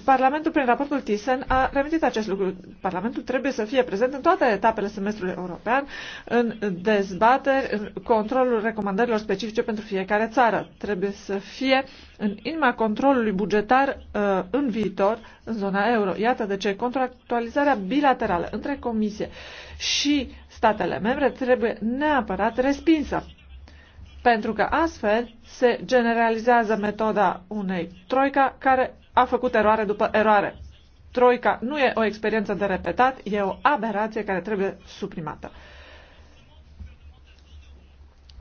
Parlamentul, prin raportul Thyssen, a reamintit acest lucru. Parlamentul trebuie să fie prezent în toate etapele semestrului european, în dezbateri, în controlul recomandărilor specifice pentru fiecare țară. Trebuie să fie în inima controlului bugetar uh, în viitor, în zona euro. Iată de ce contractualizarea bilaterală între Comisie și statele membre trebuie neapărat respinsă pentru că astfel se generalizează metoda unei troica care a făcut eroare după eroare. Troica nu e o experiență de repetat, e o aberație care trebuie suprimată.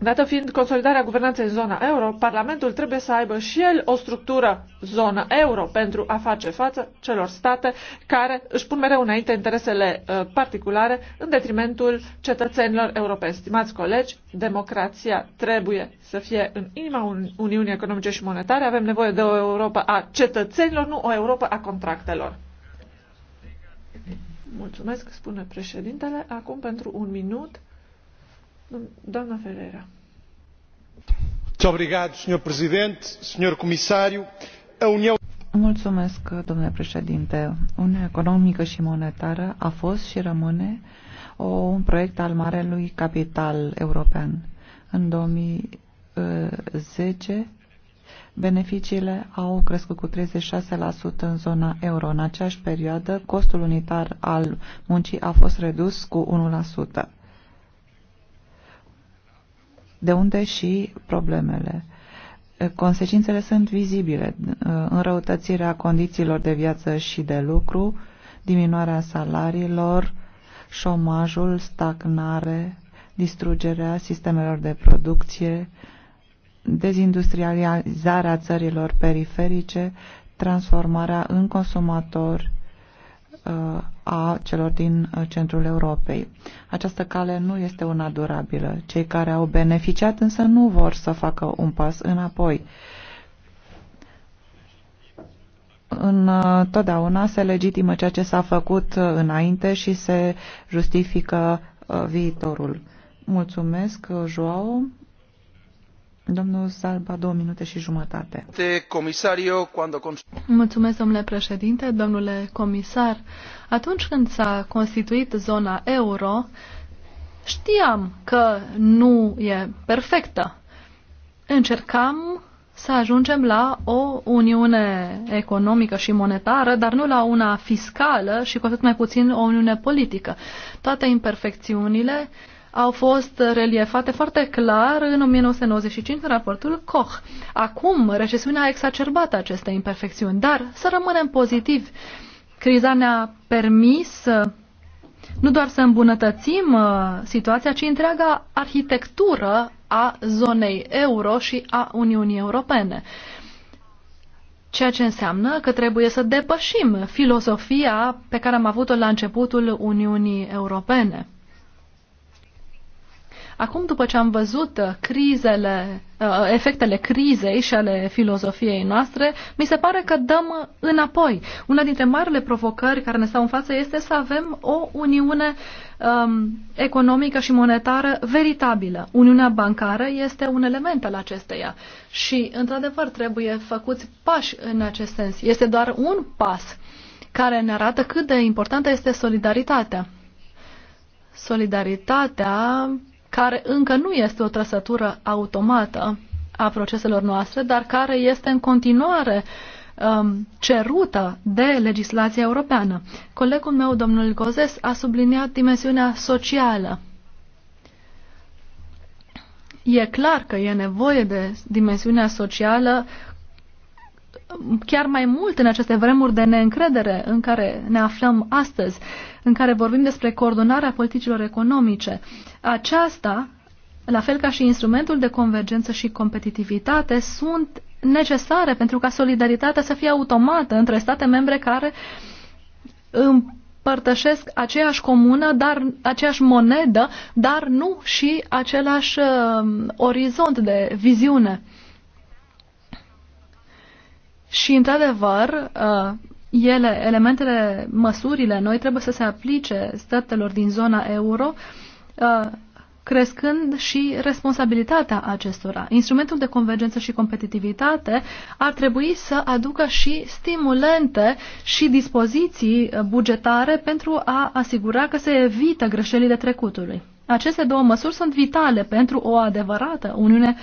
Dată fiind consolidarea guvernanței în zona euro, Parlamentul trebuie să aibă și el o structură zonă euro pentru a face față celor state care își pun mereu înainte interesele uh, particulare în detrimentul cetățenilor europeni. Stimați colegi, democrația trebuie să fie în inima Uniunii Economice și Monetare. Avem nevoie de o Europa a cetățenilor, nu o Europa a contractelor. Mulțumesc, spune președintele. Acum pentru un minut Doamna Ferreira. Mulțumesc, domnule președinte. Uniunea economică și monetară a fost și rămâne o, un proiect al marelui capital european. În 2010, eh, beneficiile au crescut cu 36% în zona euro. În aceeași perioadă, costul unitar al muncii a fost redus cu 1% de unde și problemele. Consecințele sunt vizibile, înrăutățirea condițiilor de viață și de lucru, diminuarea salariilor, șomajul, stagnare, distrugerea sistemelor de producție, dezindustrializarea țărilor periferice, transformarea în consumatori, a celor din uh, centrul Europei. Această cale nu este una durabilă. Cei care au beneficiat însă nu vor să facă un pas înapoi. În uh, totdeauna se legitimă ceea ce s-a făcut uh, înainte și se justifică viitorul. Mulțumesc, Joao. Domnul Salba, două minute și jumătate. Mulțumesc, domnule președinte, domnule comisar. Atunci când s-a constituit zona euro, știam că nu e perfectă. Încercam să ajungem la o uniune economică și monetară, dar nu la una fiscală și cu atât mai puțin o uniune politică. Toate imperfecțiunile au fost reliefate foarte clar în 1995 în raportul Koch. Acum, recesiunea a exacerbat aceste imperfecțiuni, dar să rămânem pozitivi. Criza ne-a permis nu doar să îmbunătățim uh, situația, ci întreaga arhitectură a zonei euro și a Uniunii Europene. Ceea ce înseamnă că trebuie să depășim filosofia pe care am avut-o la începutul Uniunii Europene. Acum, după ce am văzut uh, crizele, uh, efectele crizei și ale filozofiei noastre, mi se pare că dăm înapoi. Una dintre marile provocări care ne stau în față este să avem o uniune um, economică și monetară veritabilă. Uniunea bancară este un element al acesteia și, într-adevăr, trebuie făcuți pași în acest sens. Este doar un pas care ne arată cât de importantă este solidaritatea. Solidaritatea care încă nu este o trăsătură automată a proceselor noastre, dar care este în continuare um, cerută de legislația europeană. Colegul meu, domnul Gozes, a subliniat dimensiunea socială. E clar că e nevoie de dimensiunea socială chiar mai mult în aceste vremuri de neîncredere în care ne aflăm astăzi în care vorbim despre coordonarea politicilor economice. Aceasta, la fel ca și instrumentul de convergență și competitivitate, sunt necesare pentru ca solidaritatea să fie automată între state membre care împărtășesc aceeași comună, dar aceeași monedă, dar nu și același uh, orizont de viziune. Și, într-adevăr, uh, ele, elementele, măsurile noi trebuie să se aplice statelor din zona euro, uh, crescând și responsabilitatea acestora. Instrumentul de convergență și competitivitate ar trebui să aducă și stimulente și dispoziții bugetare pentru a asigura că se evită greșelile trecutului. Aceste două măsuri sunt vitale pentru o adevărată Uniune uh,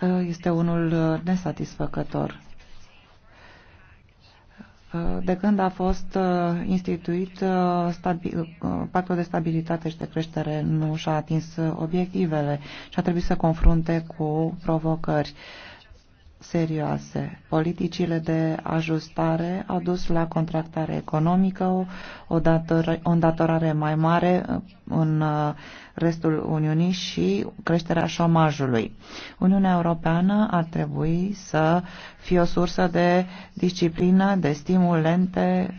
Uh, este unul uh, nesatisfăcător. Uh, de când a fost instituit, pactul de stabilitate și de creștere nu și-a atins obiectivele și a trebuit să confrunte cu provocări serioase. Politicile de ajustare au dus la contractare economică, o, dator, o îndatorare mai mare uh, în uh, restul Uniunii și creșterea șomajului. Uniunea Europeană ar trebui să fie o sursă de disciplină, de stimulente,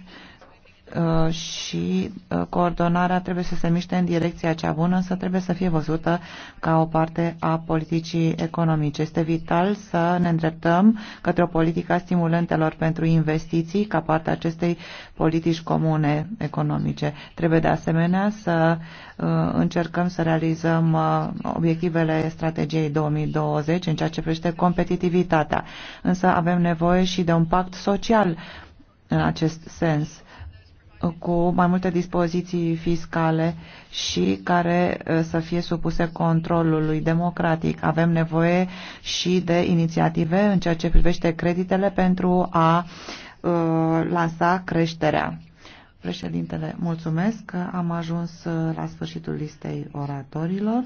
Uh, și uh, coordonarea trebuie să se miște în direcția cea bună, însă trebuie să fie văzută ca o parte a politicii economice. Este vital să ne îndreptăm către o politică a stimulentelor pentru investiții ca parte a acestei politici comune economice. Trebuie de asemenea să uh, încercăm să realizăm obiectivele strategiei 2020 în ceea ce privește competitivitatea. Însă avem nevoie și de un pact social în acest sens cu mai multe dispoziții fiscale și care uh, să fie supuse controlului democratic. Avem nevoie și de inițiative în ceea ce privește creditele pentru a uh, lansa creșterea. Președintele, mulțumesc că am ajuns uh, la sfârșitul listei oratorilor.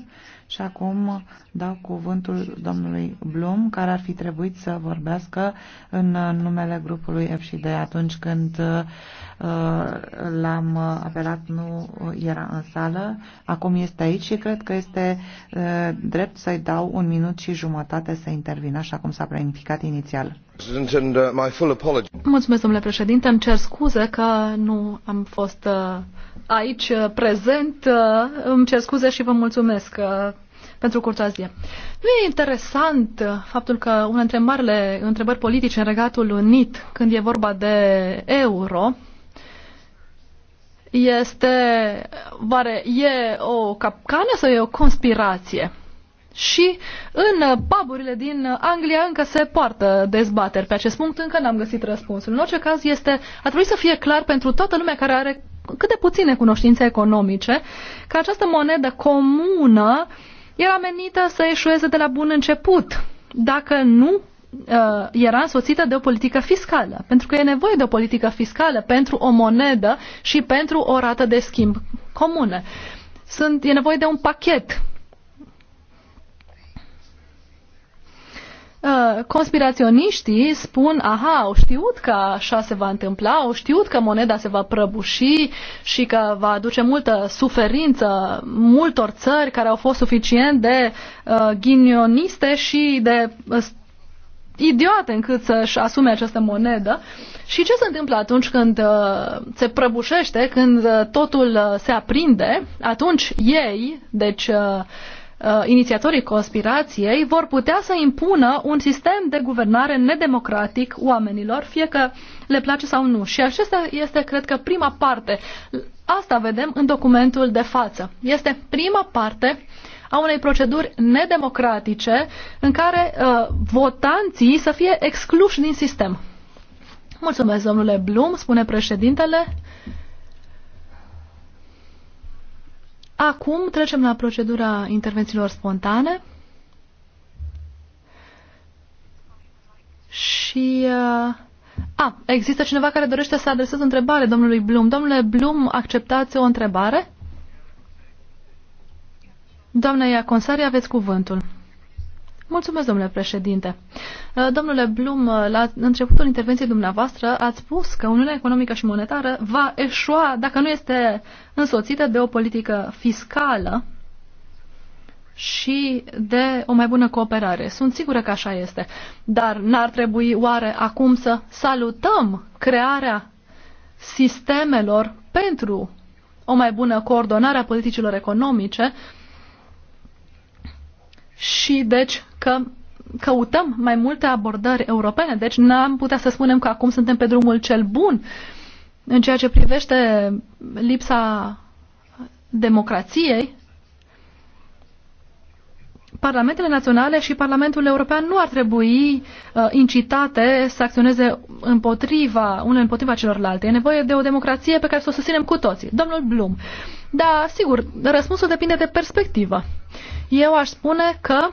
Și acum dau cuvântul domnului Blum, care ar fi trebuit să vorbească în numele grupului FCD atunci când uh, l-am apelat, nu era în sală. Acum este aici și cred că este uh, drept să-i dau un minut și jumătate să intervină, așa cum s-a planificat inițial. Uh, Mulțumesc, domnule președinte. Îmi cer scuze că nu am fost aici uh, prezent. Uh, îmi cer scuze și vă mulțumesc uh, pentru curtoazie. Nu e interesant faptul că una dintre marile întrebări politice în regatul unit, când e vorba de euro, este, oare e o capcană sau e o conspirație? Și în paburile din Anglia încă se poartă dezbateri pe acest punct, încă n-am găsit răspunsul. În orice caz, este, ar trebui să fie clar pentru toată lumea care are cât de puține cunoștințe economice, că această monedă comună era menită să eșueze de la bun început, dacă nu uh, era însoțită de o politică fiscală, pentru că e nevoie de o politică fiscală pentru o monedă și pentru o rată de schimb comună. Sunt, e nevoie de un pachet Uh, conspiraționiștii spun, aha, au știut că așa se va întâmpla, au știut că moneda se va prăbuși și că va aduce multă suferință multor țări care au fost suficient de uh, ghinioniste și de uh, idiote încât să-și asume această monedă. Și ce se întâmplă atunci când uh, se prăbușește, când uh, totul se aprinde? Atunci ei, deci uh, inițiatorii conspirației vor putea să impună un sistem de guvernare nedemocratic oamenilor, fie că le place sau nu. Și acesta este, cred că, prima parte. Asta vedem în documentul de față. Este prima parte a unei proceduri nedemocratice în care uh, votanții să fie excluși din sistem. Mulțumesc, domnule Blum, spune președintele. Acum trecem la procedura intervențiilor spontane. Și... Uh, a, există cineva care dorește să adreseze întrebare domnului Blum. Domnule Blum, acceptați o întrebare? Doamna Iaconsari, aveți cuvântul. Mulțumesc, domnule președinte. Uh, domnule Blum, uh, la începutul intervenției dumneavoastră ați spus că Uniunea Economică și Monetară va eșua dacă nu este însoțită de o politică fiscală și de o mai bună cooperare. Sunt sigură că așa este. Dar n-ar trebui oare acum să salutăm crearea sistemelor pentru o mai bună coordonare a politicilor economice, și deci că căutăm mai multe abordări europene, deci n-am putea să spunem că acum suntem pe drumul cel bun în ceea ce privește lipsa democrației. Parlamentele naționale și Parlamentul European nu ar trebui uh, incitate să acționeze împotriva, unele împotriva celorlalte. E nevoie de o democrație pe care să o susținem cu toții. Domnul Blum, uh, da, sigur, răspunsul depinde de perspectivă. Eu aș spune că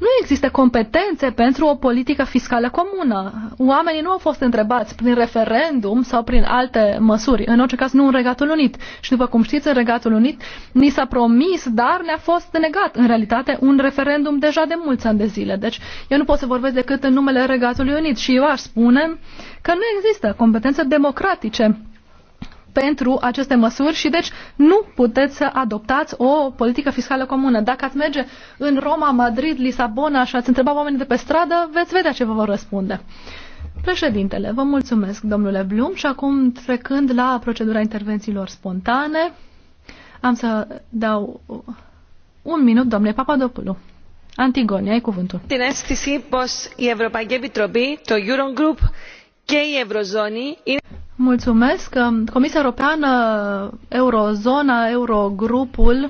nu există competențe pentru o politică fiscală comună. Oamenii nu au fost întrebați prin referendum sau prin alte măsuri, în orice caz nu în Regatul Unit. Și după cum știți, în Regatul Unit ni s-a promis, dar ne-a fost negat, în realitate, un referendum deja de mulți ani de zile. Deci eu nu pot să vorbesc decât în numele Regatului Unit și eu aș spune că nu există competențe democratice pentru aceste măsuri și deci nu puteți să adoptați o politică fiscală comună. Dacă ați merge în Roma, Madrid, Lisabona și ați întreba oamenii de pe stradă, veți vedea ce vă vor răspunde. Președintele, vă mulțumesc, domnule Blum, și acum trecând la procedura intervențiilor spontane, am să dau un minut, domnule Papadopoulou. Antigonia, ai cuvântul. Την αίσθηση πως η Ευρωπαϊκή Επιτροπή, το Eurogroup και η Ευρωζώνη είναι... Mulțumesc. Comisia Europeană, Eurozona, Eurogrupul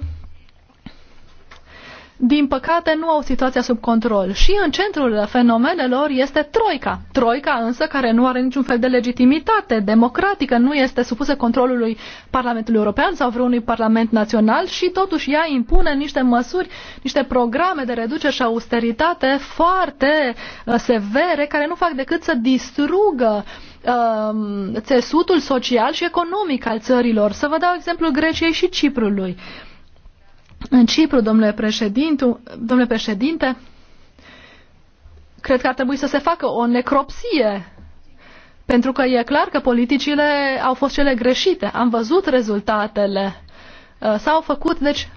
din păcate, nu au situația sub control. Și în centrul fenomenelor este Troica. Troica însă, care nu are niciun fel de legitimitate democratică, nu este supusă controlului Parlamentului European sau vreunui Parlament național și totuși ea impune niște măsuri, niște programe de reducere și austeritate foarte uh, severe, care nu fac decât să distrugă um, țesutul social și economic al țărilor. Să vă dau exemplul Greciei și Ciprului. Uh, în Cipru, domnule președinte, domnule președinte, cred că ar trebui să se facă o necropsie, pentru că e clar că politicile au fost cele greșite. Am văzut rezultatele. Uh, s-au făcut, deci,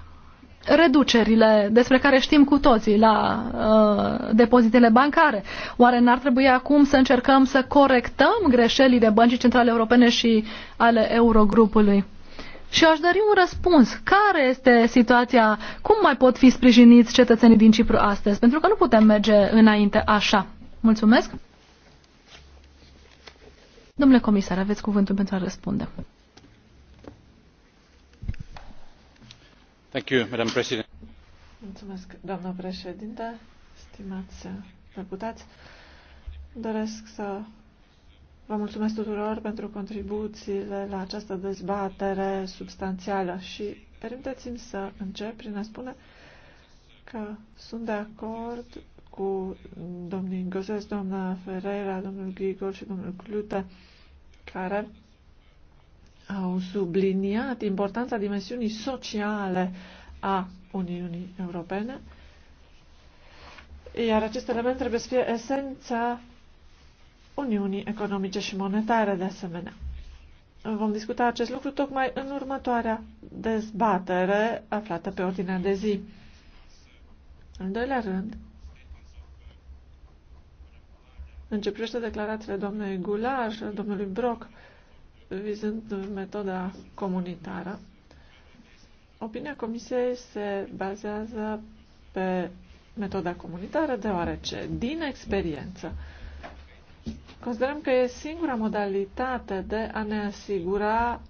reducerile despre care știm cu toții la uh, depozitele bancare. Oare n-ar trebui acum să încercăm să corectăm greșelile Băncii Centrale Europene și ale Eurogrupului? Și aș dori un răspuns. Care este situația? Cum mai pot fi sprijiniți cetățenii din Cipru astăzi? Pentru că nu putem merge înainte așa. Mulțumesc. Domnule comisar, aveți cuvântul pentru a răspunde. Thank you, Madam President. Mulțumesc, doamnă președinte, stimați deputați. Doresc să Vă mulțumesc tuturor pentru contribuțiile la această dezbatere substanțială și permiteți-mi să încep prin a spune că sunt de acord cu domnii Ingozes, doamna Ferreira, domnul Grigol și domnul Clute, care au subliniat importanța dimensiunii sociale a Uniunii Europene, iar acest element trebuie să fie esența Uniunii Economice și Monetare, de asemenea. Vom discuta acest lucru tocmai în următoarea dezbatere aflată pe ordinea de zi. În doilea rând, începește declarațiile doamnei Gulaj, domnului Brock, vizând metoda comunitară, opinia Comisiei se bazează pe metoda comunitară, deoarece, din experiență, Considerăm că e singura modalitate de a ne asigura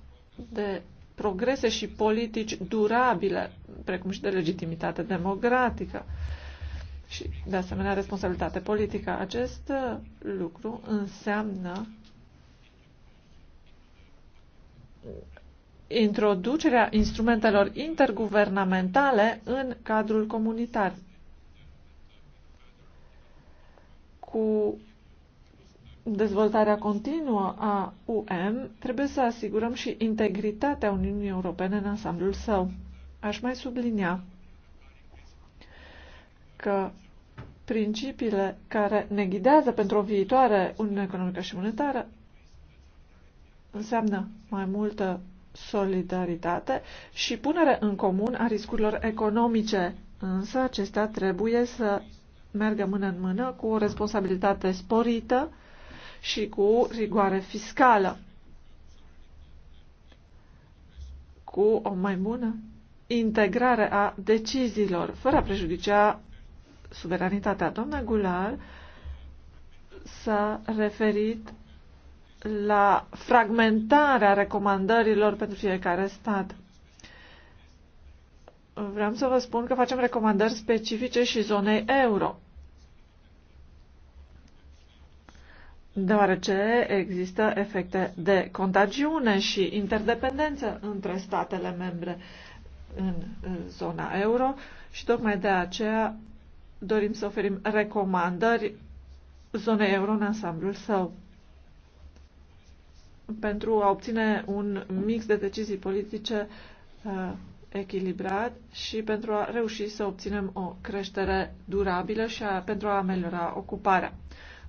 de progrese și politici durabile, precum și de legitimitate democratică și, de asemenea, responsabilitate politică. Acest lucru înseamnă introducerea instrumentelor interguvernamentale în cadrul comunitar cu dezvoltarea continuă a UM, trebuie să asigurăm și integritatea Uniunii Europene în ansamblul său. Aș mai sublinia că principiile care ne ghidează pentru o viitoare Uniune Economică și Monetară înseamnă mai multă solidaritate și punere în comun a riscurilor economice, însă acestea trebuie să meargă mână în mână cu o responsabilitate sporită și cu rigoare fiscală, cu o mai bună integrare a deciziilor, fără a prejudicia suveranitatea. Doamna Gular s-a referit la fragmentarea recomandărilor pentru fiecare stat. Vreau să vă spun că facem recomandări specifice și zonei euro. deoarece există efecte de contagiune și interdependență între statele membre în zona euro și tocmai de aceea dorim să oferim recomandări zonei euro în ansamblul său pentru a obține un mix de decizii politice uh, echilibrat și pentru a reuși să obținem o creștere durabilă și a, pentru a ameliora ocuparea.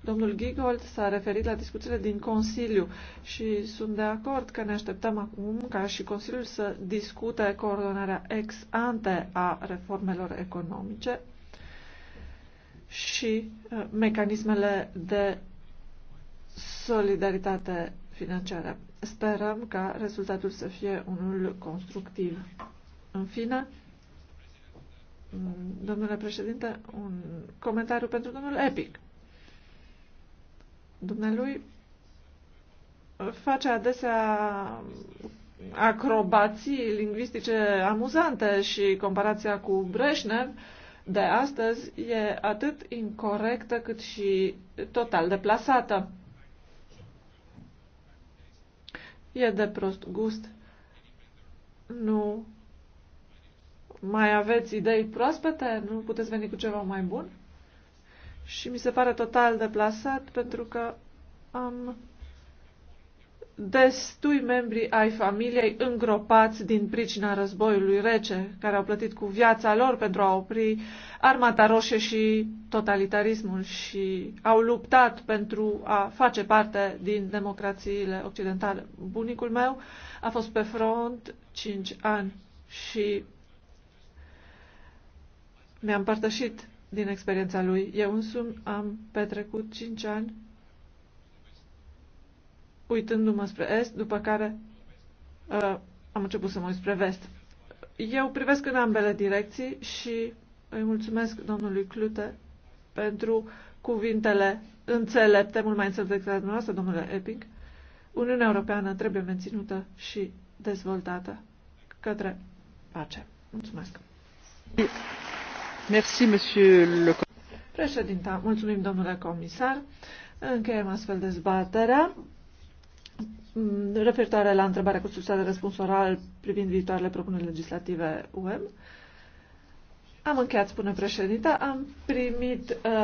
Domnul Gigold s-a referit la discuțiile din Consiliu și sunt de acord că ne așteptăm acum ca și Consiliul să discute coordonarea ex ante a reformelor economice și uh, mecanismele de solidaritate financiară. Sperăm ca rezultatul să fie unul constructiv. În fine, mm, domnule președinte, un comentariu pentru domnul Epic. Dumnealui face adesea acrobații lingvistice amuzante și comparația cu Breșnev de astăzi e atât incorrectă cât și total deplasată. E de prost gust. Nu mai aveți idei proaspete? Nu puteți veni cu ceva mai bun? și mi se pare total deplasat pentru că am destui membri ai familiei îngropați din pricina războiului rece, care au plătit cu viața lor pentru a opri armata roșie și totalitarismul și au luptat pentru a face parte din democrațiile occidentale. Bunicul meu a fost pe front 5 ani și mi-a împărtășit din experiența lui. Eu însumi am petrecut cinci ani uitându-mă spre est, după care uh, am început să mă uit spre vest. Eu privesc în ambele direcții și îi mulțumesc domnului Clute pentru cuvintele înțelepte, mult mai înțelepte decât dumneavoastră, domnule Epping. Uniunea Europeană trebuie menținută și dezvoltată către pace. Mulțumesc! Președinta, mulțumim, domnule comisar. Încheiem astfel dezbaterea. Mm, referitoare la întrebarea cu substat de răspuns oral privind viitoarele propuneri legislative UEM, am încheiat, spune președinta, am primit uh,